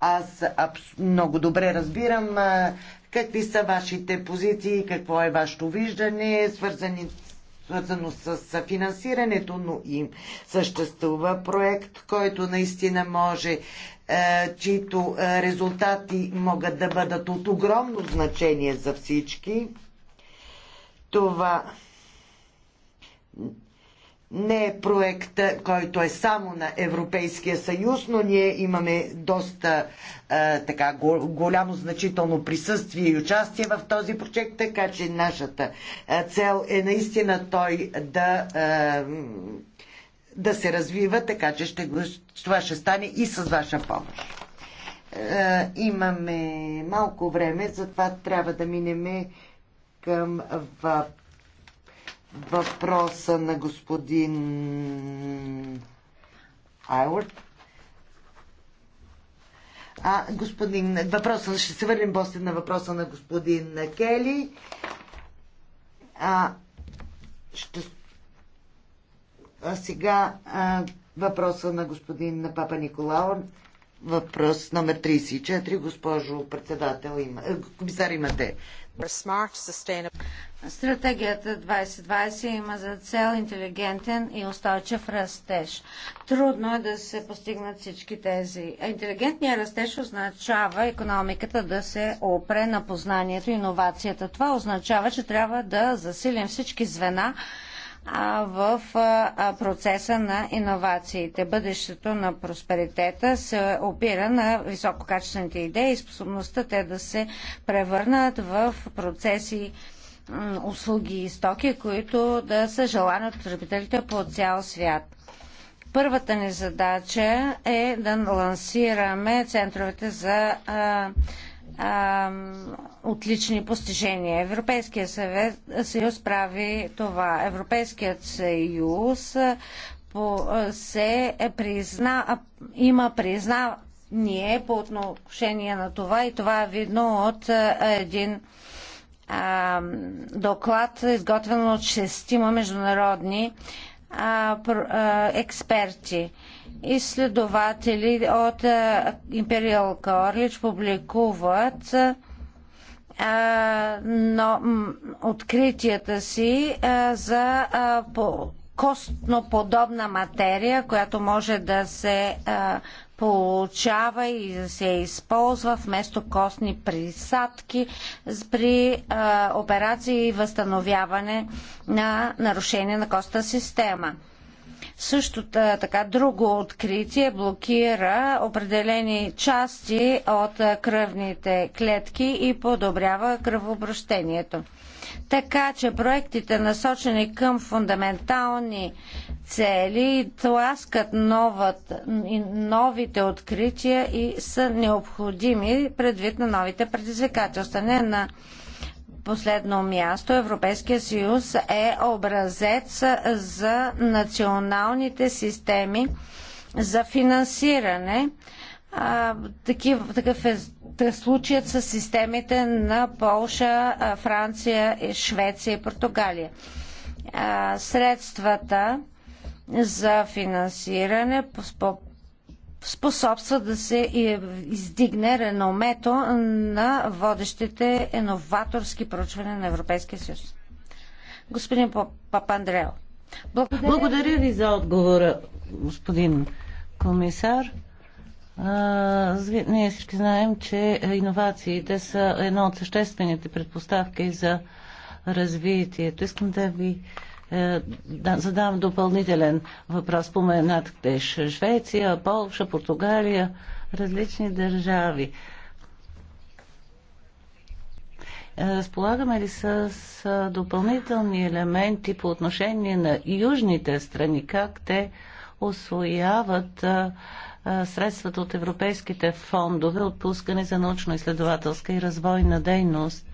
Аз абс- много добре разбирам а, Какви са вашите позиции, какво е вашето виждане, свързани, свързано с финансирането, но и съществува проект, който наистина може е, чието е, резултати могат да бъдат от огромно значение за всички. Това не е проект, който е само на Европейския съюз, но ние имаме доста е, така, голямо значително присъствие и участие в този проект, така че нашата цел е наистина той да, е, да се развива, така че ще, това ще стане и с ваша помощ. Е, имаме малко време, затова трябва да минеме към въпроса въпроса на господин Айвард. А, господин, въпроса, ще се върнем после на въпроса на господин Кели. А, ще... а сега а, въпроса на господин Папа Николаон. Въпрос номер 34. Госпожо председател, има... комисар, имате Стратегията 2020 има за цел интелигентен и устойчив растеж. Трудно е да се постигнат всички тези. Интелигентният растеж означава економиката да се опре на познанието и иновацията. Това означава, че трябва да засилим всички звена в процеса на иновациите. Бъдещето на просперитета се опира на висококачествените идеи и способността те да се превърнат в процеси услуги и стоки, които да са желани от потребителите по цял свят. Първата ни задача е да лансираме центровете за а, а, отлични постижения. Европейския съвет, съюз прави това. Европейският съюз по, се е призна, има признание по отношение на това и това е видно от един а, доклад, изготвен от шестима международни а, експерти изследователи от Imperial College публикуват но, откритията си за костноподобна материя, която може да се получава и да се използва вместо костни присадки при операции и възстановяване на нарушение на костната система. Също така друго откритие блокира определени части от кръвните клетки и подобрява кръвообращението. Така че проектите насочени към фундаментални цели тласкат новът, новите открития и са необходими предвид на новите предизвикателства. Не на последно място Европейския съюз е образец за националните системи за финансиране. такъв е случаят с системите на Полша, Франция, Швеция и Португалия. средствата за финансиране по способства да се издигне реномето на водещите иноваторски проучвания на Европейския съюз. Господин Папандрео. Благодаря... Благодаря ви за отговора, господин комисар. ние всички знаем, че иновациите са едно от съществените предпоставки за развитието. Искам да ви е, да задам допълнителен въпрос. Споменахте Швеция, Полша, Португалия, различни държави. Е, разполагаме ли с допълнителни елементи по отношение на южните страни, как те освояват е, средствата от европейските фондове, отпускани за научно-изследователска и развойна дейност?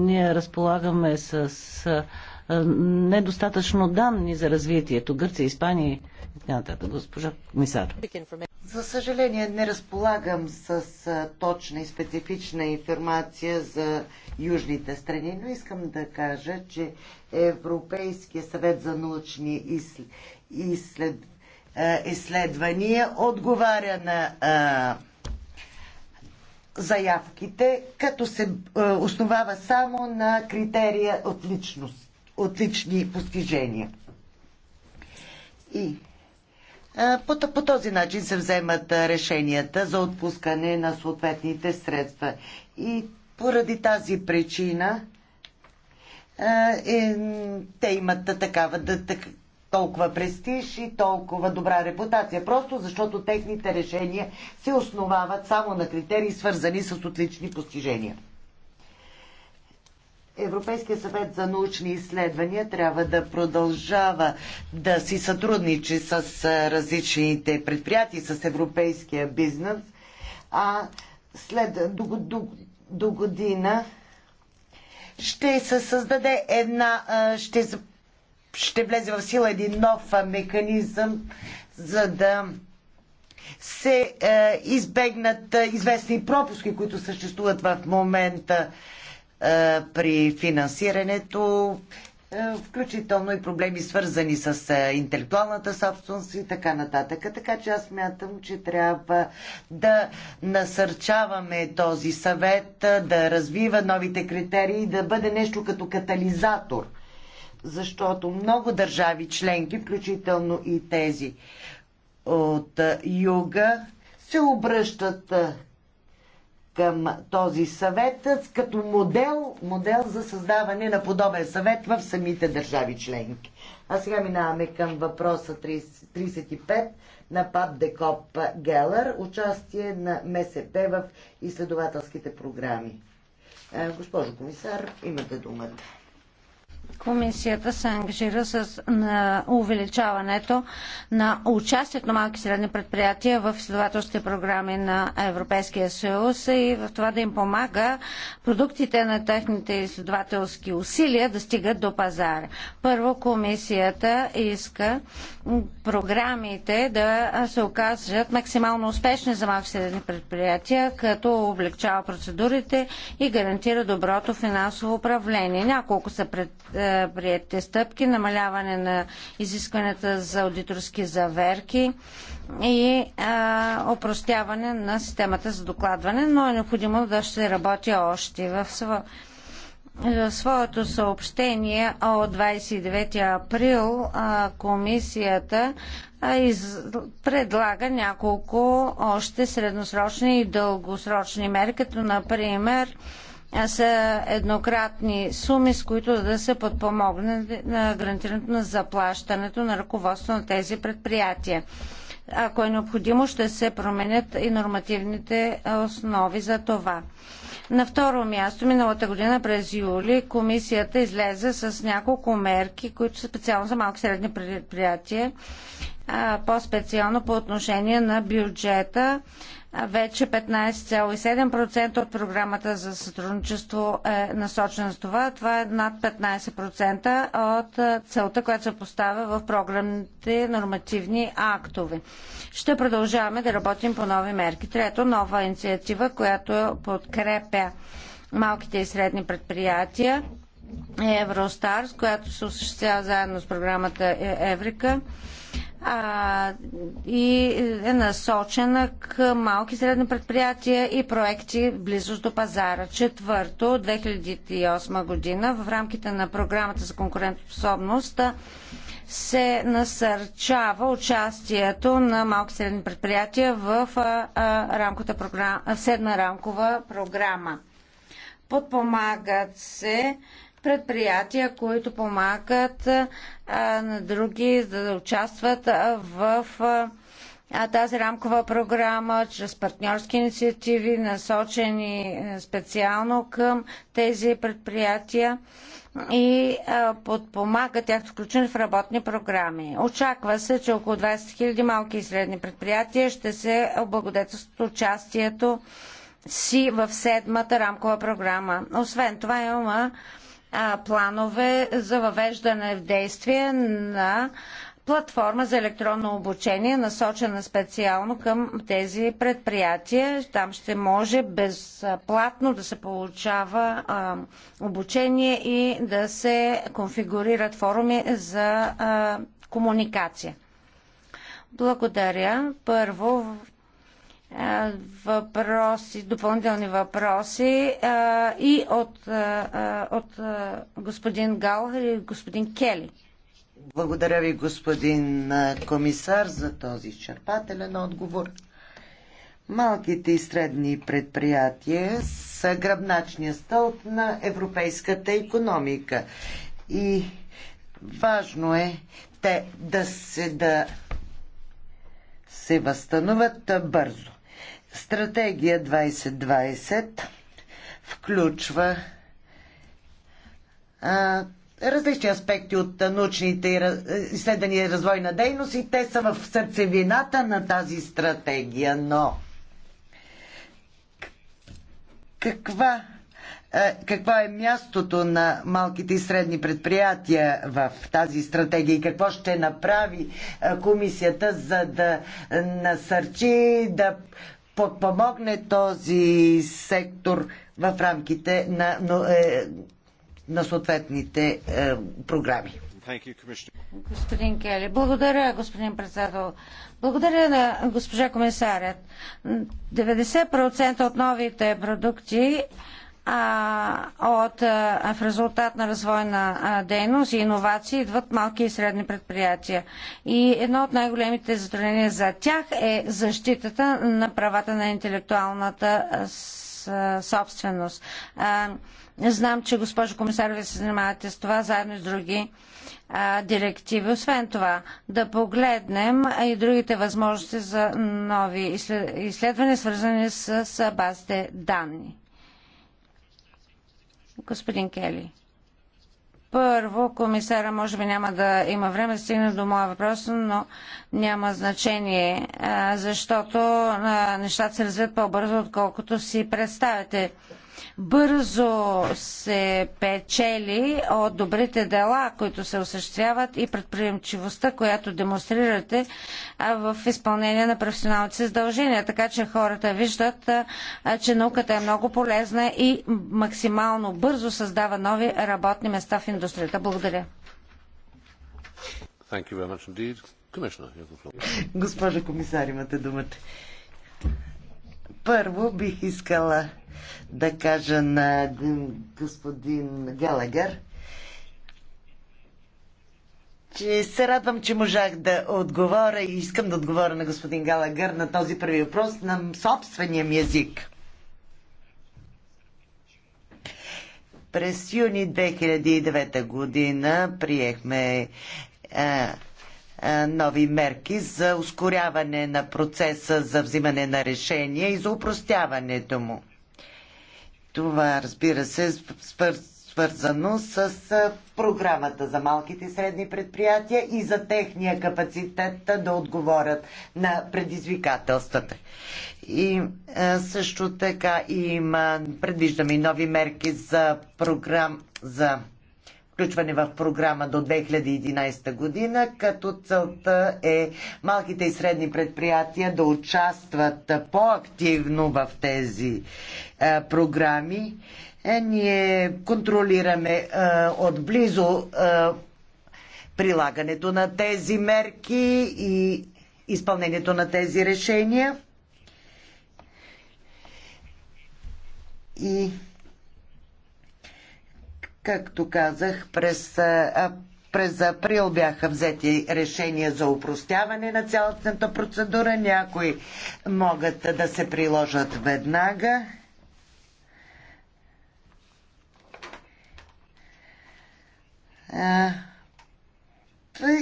ние разполагаме с недостатъчно данни за развитието. Гърция, Испания и така нататък. Госпожа комисар. За съжаление не разполагам с точна и специфична информация за южните страни, но искам да кажа, че Европейския съвет за научни изслед... изслед... изследвания отговаря на заявките, като се е, основава само на критерия от лични постижения. И е, по, по този начин се вземат е, решенията за отпускане на съответните средства. И поради тази причина е, те имат такава, толкова престиж и толкова добра репутация, просто защото техните решения се основават само на критерии, свързани с отлични постижения. Европейския съвет за научни изследвания трябва да продължава да си сътрудничи с различните предприятия, с европейския бизнес, а след до, до, до година ще се създаде една, ще ще влезе в сила един нов механизъм, за да се е, избегнат е, известни пропуски, които съществуват в момента е, при финансирането, е, включително и проблеми свързани с е, интелектуалната собственост и така нататък. Така че аз мятам, че трябва да насърчаваме този съвет, е, да развива новите критерии, да бъде нещо като катализатор – защото много държави членки, включително и тези от юга, се обръщат към този съвет като модел, модел за създаване на подобен съвет в самите държави членки. А сега минаваме към въпроса 35 на ПАП Декоп Гелър, участие на МСП в изследователските програми. Госпожо комисар, имате думата. Комисията се ангажира с на увеличаването на участието на малки и средни предприятия в изследователските програми на Европейския съюз и в това да им помага продуктите на техните изследователски усилия да стигат до пазара. Първо, комисията иска програмите да се окажат максимално успешни за малки и средни предприятия, като облегчава процедурите и гарантира доброто финансово управление. Няколко са пред предприятите стъпки, намаляване на изискванията за аудиторски заверки и а, опростяване на системата за докладване, но е необходимо да ще работи още. В своя за своето съобщение от 29 април комисията предлага няколко още средносрочни и дългосрочни мерки, като например са еднократни суми, с които да се подпомогне на гарантирането на заплащането на ръководство на тези предприятия. Ако е необходимо, ще се променят и нормативните основи за това. На второ място, миналата година през юли, комисията излезе с няколко мерки, които са специално за малки и средни предприятия, по-специално по отношение на бюджета вече 15,7% от програмата за сътрудничество е насочена с това. Това е над 15% от е, целта, която се поставя в програмните нормативни актове. Ще продължаваме да работим по нови мерки. Трето, нова инициатива, която подкрепя малките и средни предприятия Евростарс, която се осъществява заедно с програмата Еврика а, и е насочена към малки и средни предприятия и проекти в близост до пазара. Четвърто, 2008 година в рамките на програмата за конкурентоспособност се насърчава участието на малки и средни предприятия в, а, рамката програма, в седма рамкова програма. Подпомагат се предприятия, които помагат на други да участват в тази рамкова програма чрез партньорски инициативи, насочени е, специално към тези предприятия и подпомага тяхното включване в работни програми. Очаква се, че около 20 000 малки и средни предприятия ще се облагодетелстват участието си в седмата рамкова програма. Освен това има планове за въвеждане в действие на платформа за електронно обучение, насочена специално към тези предприятия. Там ще може безплатно да се получава обучение и да се конфигурират форуми за комуникация. Благодаря. Първо е, въпроси, допълнителни въпроси а, е, и от, а, е, от а, господин Гал и господин Кели. Благодаря ви, господин комисар, за този изчерпателен отговор. Малките и средни предприятия са гръбначния стълб на европейската економика. И важно е те да се, да се възстановят бързо. Стратегия 2020 включва а, различни аспекти от научните изследвания и развойна дейност и те са в сърцевината на тази стратегия, но каква, какво е мястото на малките и средни предприятия в тази стратегия и какво ще направи комисията, за да насърчи, да подпомогне този сектор в рамките на, е, на съответните е, програми. Господин Кели, благодаря, господин председател. Благодаря на госпожа комисарят. 90% от новите продукти от, в резултат на развойна дейност и иновации идват малки и средни предприятия. И едно от най-големите затруднения за тях е защитата на правата на интелектуалната собственост. Знам, че госпожо комисар, вие се занимавате с това, заедно с други а, директиви. Освен това, да погледнем и другите възможности за нови изследвания, свързани с, с базите данни. Господин Кели. Първо, комисара може би няма да има време да стигне до моя въпрос, но няма значение, защото нещата се развиват по-бързо, отколкото си представяте бързо се печели от добрите дела, които се осъществяват и предприемчивостта, която демонстрирате в изпълнение на професионалните си задължения. Така че хората виждат, че науката е много полезна и максимално бързо създава нови работни места в индустрията. Благодаря. Госпожо комисар, имате думата. Първо бих искала да кажа на господин Галагър, че се радвам, че можах да отговоря и искам да отговоря на господин Галагър на този първи въпрос на собствения ми език. През юни 2009 година приехме а, е, нови мерки за ускоряване на процеса за взимане на решения и за упростяването му. Това, разбира се, свързано с е, програмата за малките и средни предприятия и за техния капацитет да отговорят на предизвикателствата. И е, също така има, предвиждаме и нови мерки за програм за включване в програма до 2011 година, като целта е малките и средни предприятия да участват по-активно в тези е, програми. Е, ние контролираме е, отблизо прилагането на тези мерки и изпълнението на тези решения. И Както казах, през, през април бяха взети решения за упростяване на цялостната процедура. Някои могат да се приложат веднага.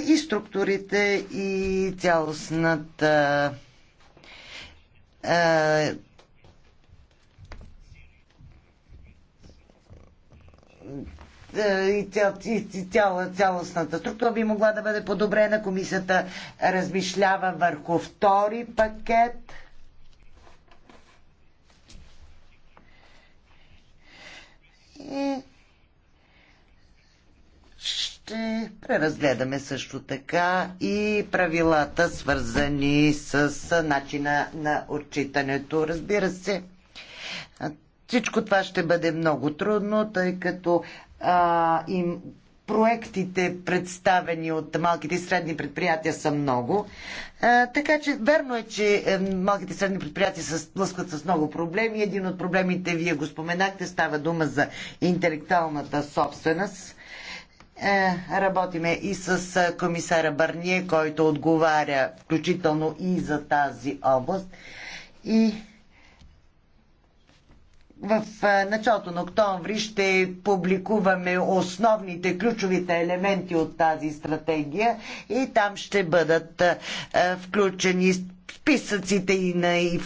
и структурите, и цялостната е, и, цял, и цялостната структура би могла да бъде подобрена. Комисията размишлява върху втори пакет. И ще преразгледаме също така и правилата, свързани с начина на отчитането. Разбира се, всичко това ще бъде много трудно, тъй като а, им проектите, представени от малките и средни предприятия, са много. А, така че верно е, че е, малките и средни предприятия се сблъскват с много проблеми. Един от проблемите, вие го споменахте, става дума за интелектуалната собственост. Е, работиме и с е, комисара Барние, който отговаря включително и за тази област. И в началото на октомври ще публикуваме основните, ключовите елементи от тази стратегия и там ще бъдат включени списъците и, на, и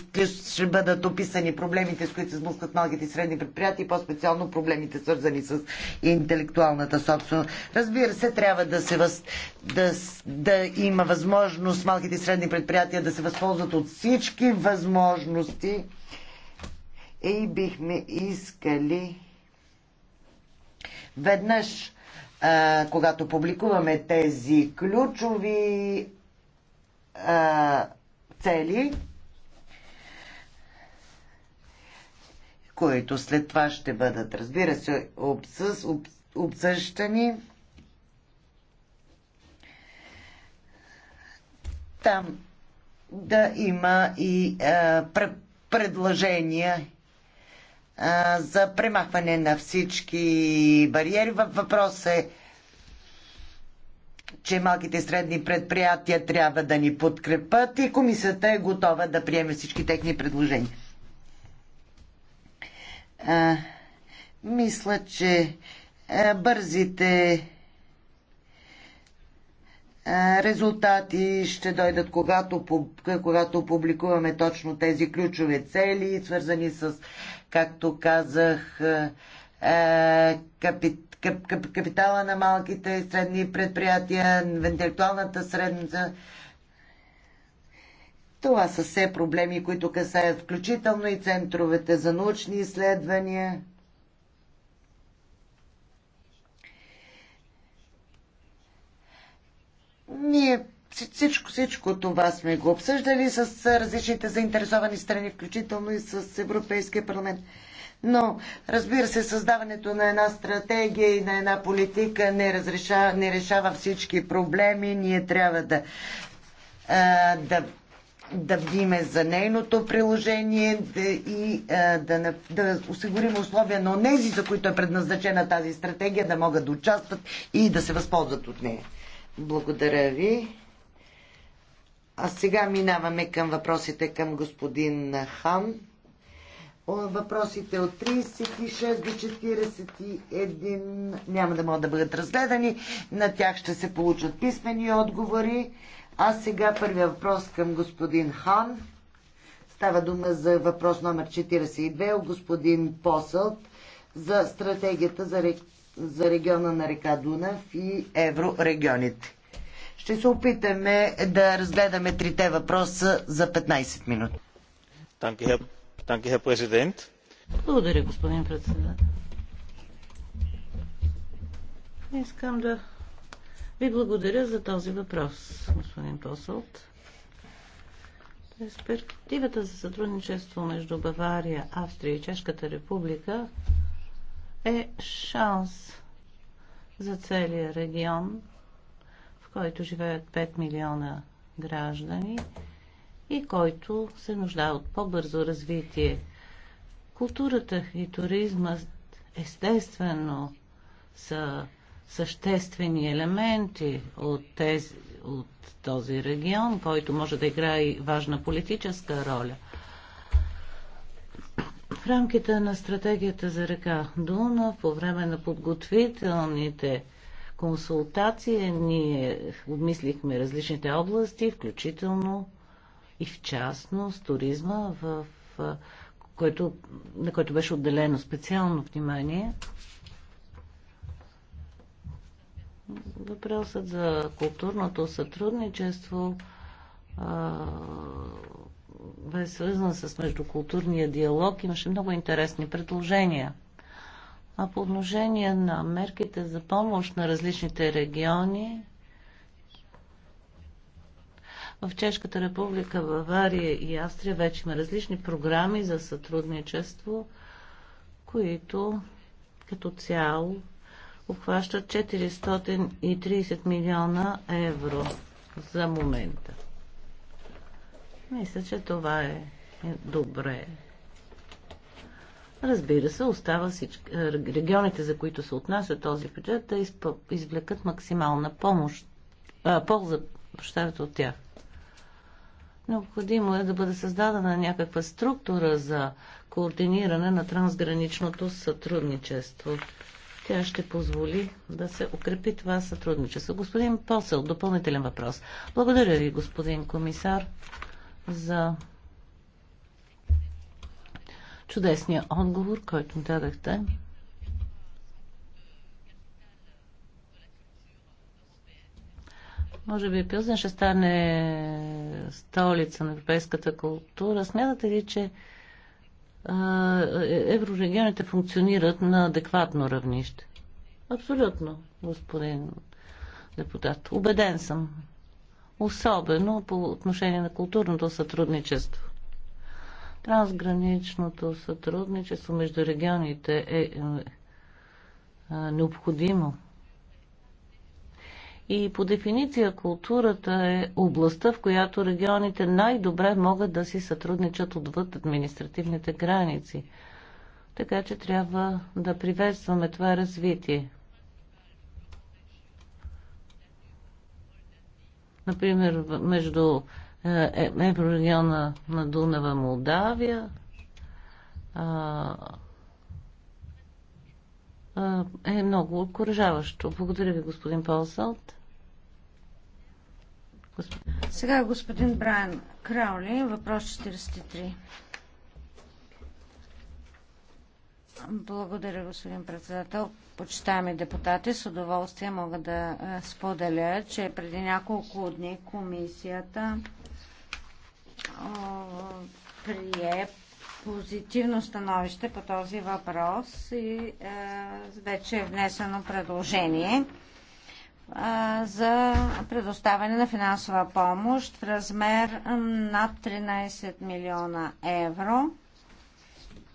ще бъдат описани проблемите, с които се сблъскват малките и средни предприятия и по-специално проблемите, свързани с интелектуалната собственост. Разбира се, трябва да, се въз, да, да има възможност малките и средни предприятия да се възползват от всички възможности и бихме искали веднъж, а, когато публикуваме тези ключови а, цели, които след това ще бъдат, разбира се, обсъс, об, обсъщани. Там да има и а, предложения за премахване на всички бариери. Въпрос е, че малките и средни предприятия трябва да ни подкрепат и комисията е готова да приеме всички техни предложения. А, мисля, че бързите Резултати ще дойдат, когато, когато публикуваме точно тези ключови цели, свързани с, както казах, капит, кап, кап, капитала на малките и средни предприятия, интелектуалната средница. Това са все проблеми, които касаят включително и центровете за научни изследвания. Ние всичко, всичко това сме го обсъждали с различните заинтересовани страни, включително и с Европейския парламент. Но, разбира се, създаването на една стратегия и на една политика не, разреша, не решава всички проблеми. Ние трябва да, а, да, да бдиме за нейното приложение да, и а, да, да осигурим условия на онези, за които е предназначена тази стратегия, да могат да участват и да се възползват от нея. Благодаря ви. А сега минаваме към въпросите към господин Хан. Въпросите от 36 до 41 няма да могат да бъдат разгледани. На тях ще се получат писмени отговори. А сега първият въпрос към господин Хан. Става дума за въпрос номер 42 от господин Посълт за стратегията за за региона на река Дунав и еврорегионите. Ще се опитаме да разгледаме трите въпроса за 15 минути. Благодаря, господин председател. Искам да ви благодаря за този въпрос, господин Посолт. Перспективата за сътрудничество между Бавария, Австрия и Чешката република е шанс за целия регион, в който живеят 5 милиона граждани и който се нуждае от по-бързо развитие. Културата и туризма естествено са съществени елементи от, тези, от този регион, който може да играе важна политическа роля – в рамките на стратегията за река Дуна, по време на подготвителните консултации, ние обмислихме различните области, включително и в частност туризма, в, който, на който беше отделено специално внимание. Въпросът за културното сътрудничество а, е свързан с междукултурния диалог. Имаше много интересни предложения. А по отношение на мерките за помощ на различните региони, в Чешката република, Бавария и Австрия вече има различни програми за сътрудничество, които като цяло обхващат 430 милиона евро за момента. Мисля, че това е, е, добре. Разбира се, остава всички, е, регионите, за които се отнася този бюджет, да извлекат максимална помощ, а, полза прощавайте, от тях. Необходимо е да бъде създадена някаква структура за координиране на трансграничното сътрудничество. Тя ще позволи да се укрепи това сътрудничество. Господин Посел, допълнителен въпрос. Благодаря ви, господин комисар за чудесния отговор, който дадахте. Може би Пилзен ще стане столица на европейската култура. Смятате ли, че еврорегионите функционират на адекватно равнище? Абсолютно, господин депутат. Убеден съм особено по отношение на културното сътрудничество. Трансграничното сътрудничество между регионите е, е, е необходимо. И по дефиниция културата е областта, в която регионите най-добре могат да си сътрудничат отвъд административните граници. Така че трябва да приветстваме това развитие. например, между е, е, еврорегиона на Дунава Молдавия, е много окоръжаващо. Благодаря ви, господин Полсълт. Сега господин Брайан Краули, въпрос 43. Благодаря, господин председател. Почитаеми депутати, с удоволствие мога да е, споделя, че преди няколко дни комисията прие позитивно становище по този въпрос и е, вече е внесено предложение е, за предоставяне на финансова помощ в размер над 13 милиона евро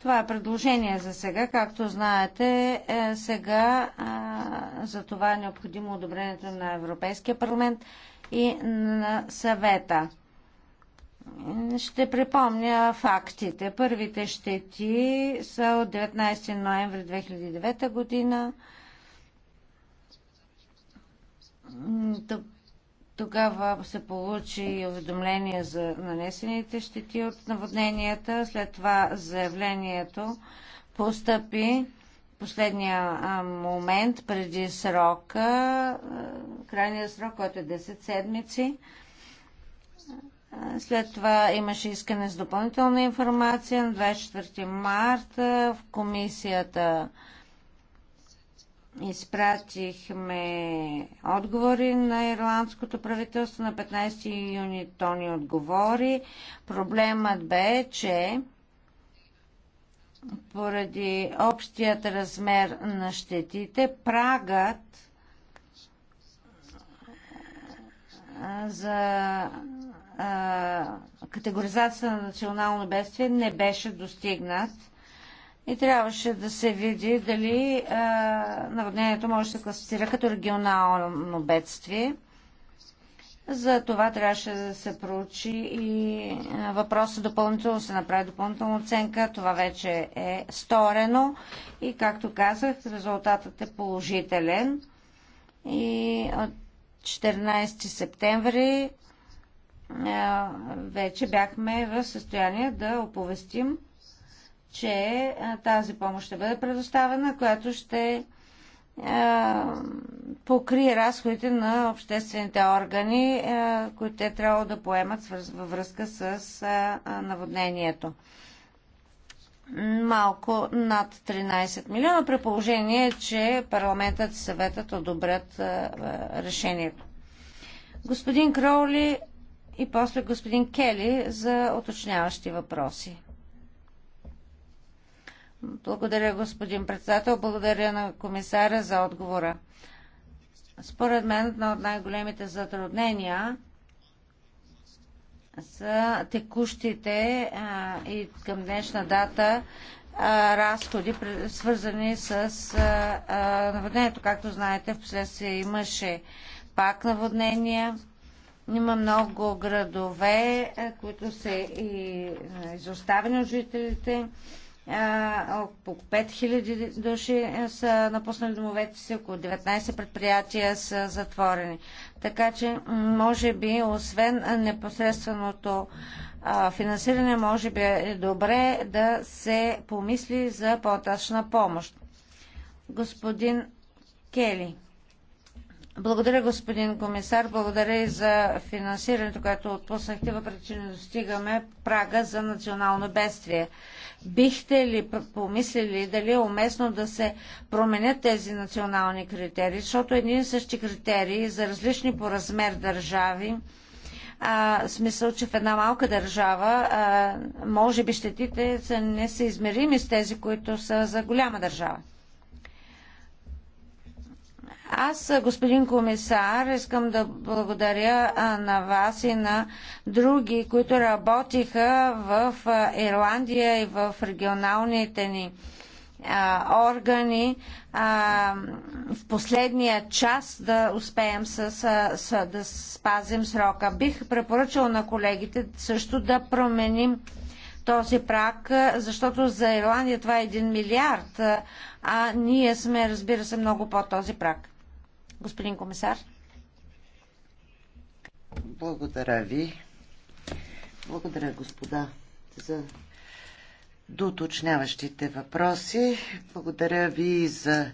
това е предложение за сега. Както знаете, е, сега за това е необходимо одобрението на Европейския парламент и на съвета. Ще припомня фактите. Първите щети са от 19 ноември 2009 година тогава се получи уведомление за нанесените щети от наводненията. След това заявлението постъпи последния момент преди срока, крайния срок, който е 10 седмици. След това имаше искане с допълнителна информация на 24 марта в комисията Изпратихме отговори на ирландското правителство. На 15 юни то ни отговори. Проблемът бе, че поради общият размер на щетите, прагът за категоризация на национално бедствие не беше достигнат и трябваше да се види дали а, наводнението може да се класифицира като регионално бедствие. За това трябваше да се проучи и въпросът допълнително се направи допълнителна оценка. Това вече е сторено и, както казах, резултатът е положителен. И от 14 септември вече бяхме в състояние да оповестим че тази помощ ще бъде предоставена, която ще покрие разходите на обществените органи, които те трябва да поемат във връзка с наводнението. Малко над 13 милиона, при положение, че парламентът и съветът одобрят решението. Господин Кроули и после господин Кели за уточняващи въпроси. Благодаря, господин председател. Благодаря на комисаря за отговора. Според мен, едно от най-големите затруднения са текущите а, и към днешна дата а, разходи, свързани с а, а, наводнението. Както знаете, в последствие имаше пак наводнения. Има много градове, които са и изоставени от жителите около 5000 души е, са напуснали домовете си, около 19 предприятия са затворени. Така че, може би, освен непосредственото финансиране, може би е добре да се помисли за по-тачна помощ. Господин Кели. Благодаря, господин комисар. Благодаря и за финансирането, което отпуснахте, въпреки че не достигаме прага за национално бедствие. Бихте ли помислили дали е уместно да се променят тези национални критерии, защото едни и същи критерии за различни по размер държави, а, в смисъл, че в една малка държава а, може би щетите са несъизмерими с тези, които са за голяма държава. Аз, господин комисар, искам да благодаря на вас и на други, които работиха в Ирландия и в регионалните ни органи в последния час да успеем с, с, да спазим срока. Бих препоръчал на колегите също да променим този прак, защото за Ирландия това е 1 милиард, а ние сме, разбира се, много по този прак. Господин комисар. Благодаря ви. Благодаря, господа, за доточняващите въпроси. Благодаря ви за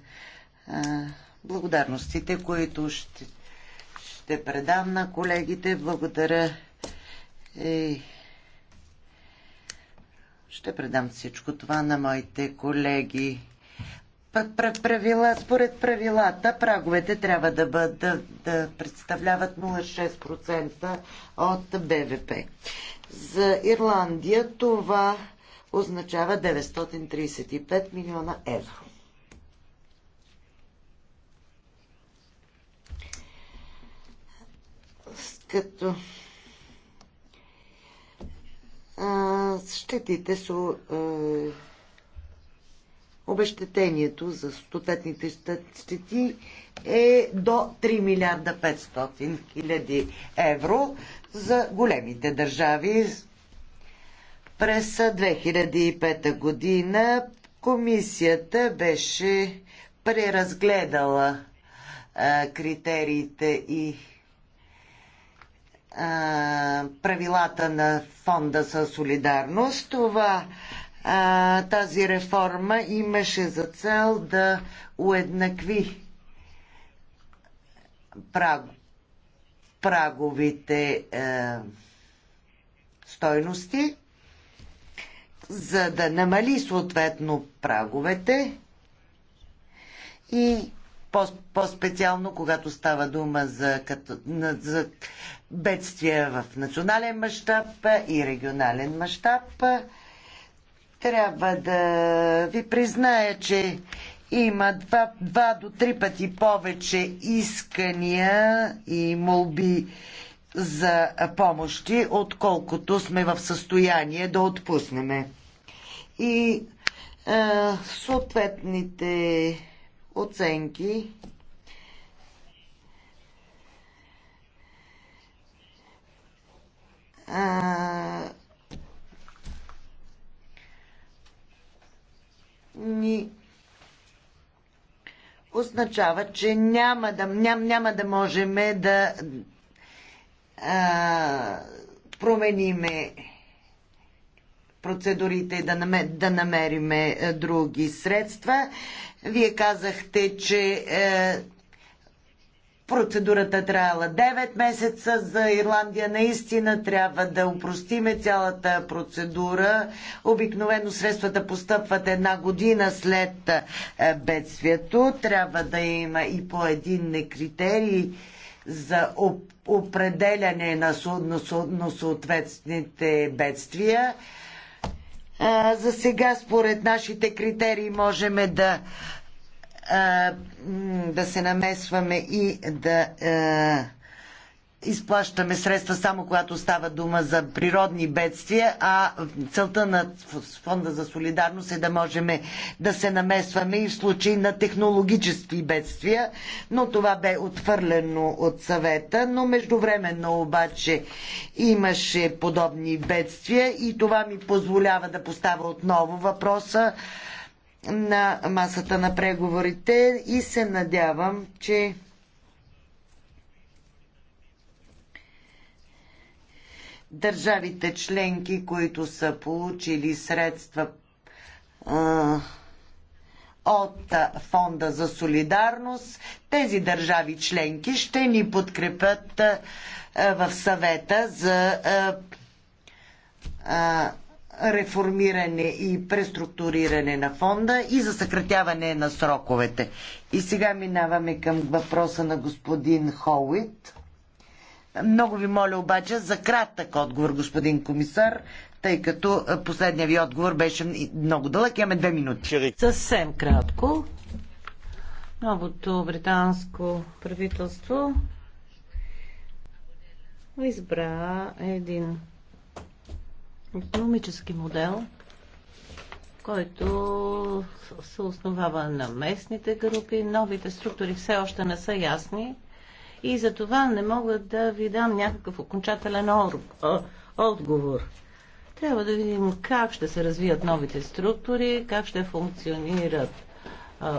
а, благодарностите, които ще, ще предам на колегите. Благодаря и ще предам всичко това на моите колеги правила, според правилата праговете трябва да, бъд, да, да представляват 0,6% от БВП. За Ирландия това означава 935 милиона евро. Като а, щетите са обещетението за стотетните щети е до 3 милиарда 500 хиляди евро за големите държави. През 2005 година комисията беше преразгледала а, критериите и а, правилата на фонда за солидарност. Това а, тази реформа имаше за цел да уеднакви праг, праговите а, е, стойности, за да намали съответно праговете и по-специално, когато става дума за, като, за бедствия в национален мащаб и регионален мащаб. Трябва да ви призная, че има два, два до три пъти повече искания и молби за помощи, отколкото сме в състояние да отпуснеме. И е, съответните оценки А, ни означава, че няма да, ням, няма да можем да а, промениме процедурите и да, намер, да намериме е, други средства. Вие казахте, че е, Процедурата траяла 9 месеца за Ирландия. Наистина трябва да упростиме цялата процедура. Обикновено средствата постъпват една година след е, бедствието. Трябва да има и по един критерий за определяне на, на съответните бедствия. Е, за сега, според нашите критерии, можем да да се намесваме и да изплащаме средства само когато става дума за природни бедствия, а целта на Фонда за солидарност е да можем да се намесваме и в случай на технологически бедствия, но това бе отвърлено от съвета, но междувременно обаче имаше подобни бедствия и това ми позволява да поставя отново въпроса на масата на преговорите и се надявам, че държавите членки, които са получили средства от Фонда за солидарност, тези държави членки ще ни подкрепят в съвета за а, реформиране и преструктуриране на фонда и за съкратяване на сроковете. И сега минаваме към въпроса на господин Холуит. Много ви моля обаче за кратък отговор, господин комисар, тъй като последният ви отговор беше много дълъг. Имаме две минути. Съвсем кратко. Новото британско правителство избра един економически модел, който се основава на местните групи. Новите структури все още не са ясни и за това не мога да ви дам някакъв окончателен отговор. Трябва да видим как ще се развият новите структури, как ще функционират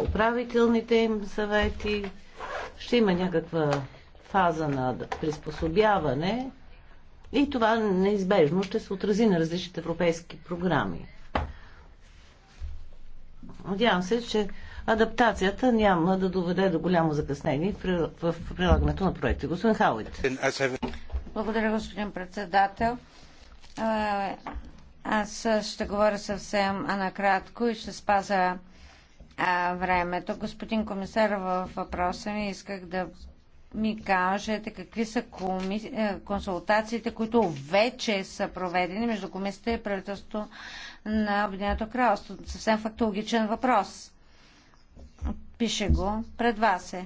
управителните им съвети. Ще има някаква фаза на приспособяване, и това неизбежно ще се отрази на различните европейски програми. Надявам се, че адаптацията няма да доведе до голямо закъснение в прилагането на проекти. Господин Хауит. Благодаря, господин председател. Аз ще говоря съвсем накратко и ще спаза времето. Господин комисар, във въпроса ми исках да ми кажете какви са коми... Е, консултациите, които вече са проведени между комисията и правителството на Обединеното кралство. Съвсем фактологичен въпрос. Пише го пред вас е.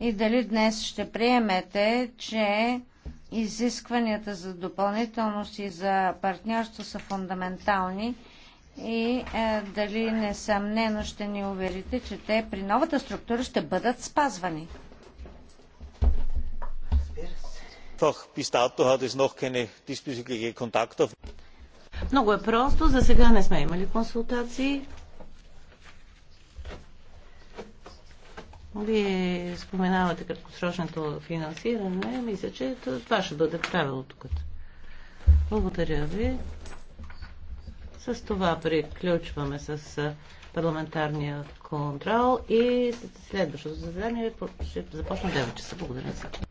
И дали днес ще приемете, че изискванията за допълнителност и за партньорство са фундаментални и е, дали несъмнено ще ни уверите, че те при новата структура ще бъдат спазвани. Einfach bis dato hat es noch keine diesbezügliche Kontaktaufnahme. Много е просто. За сега не сме имали консултации. Вие споменавате краткосрочното финансиране. Мисля, че това ще бъде правило тук. Благодаря ви. С това приключваме с парламентарния контрол и следващото заседание ще започне 9 часа. Благодаря за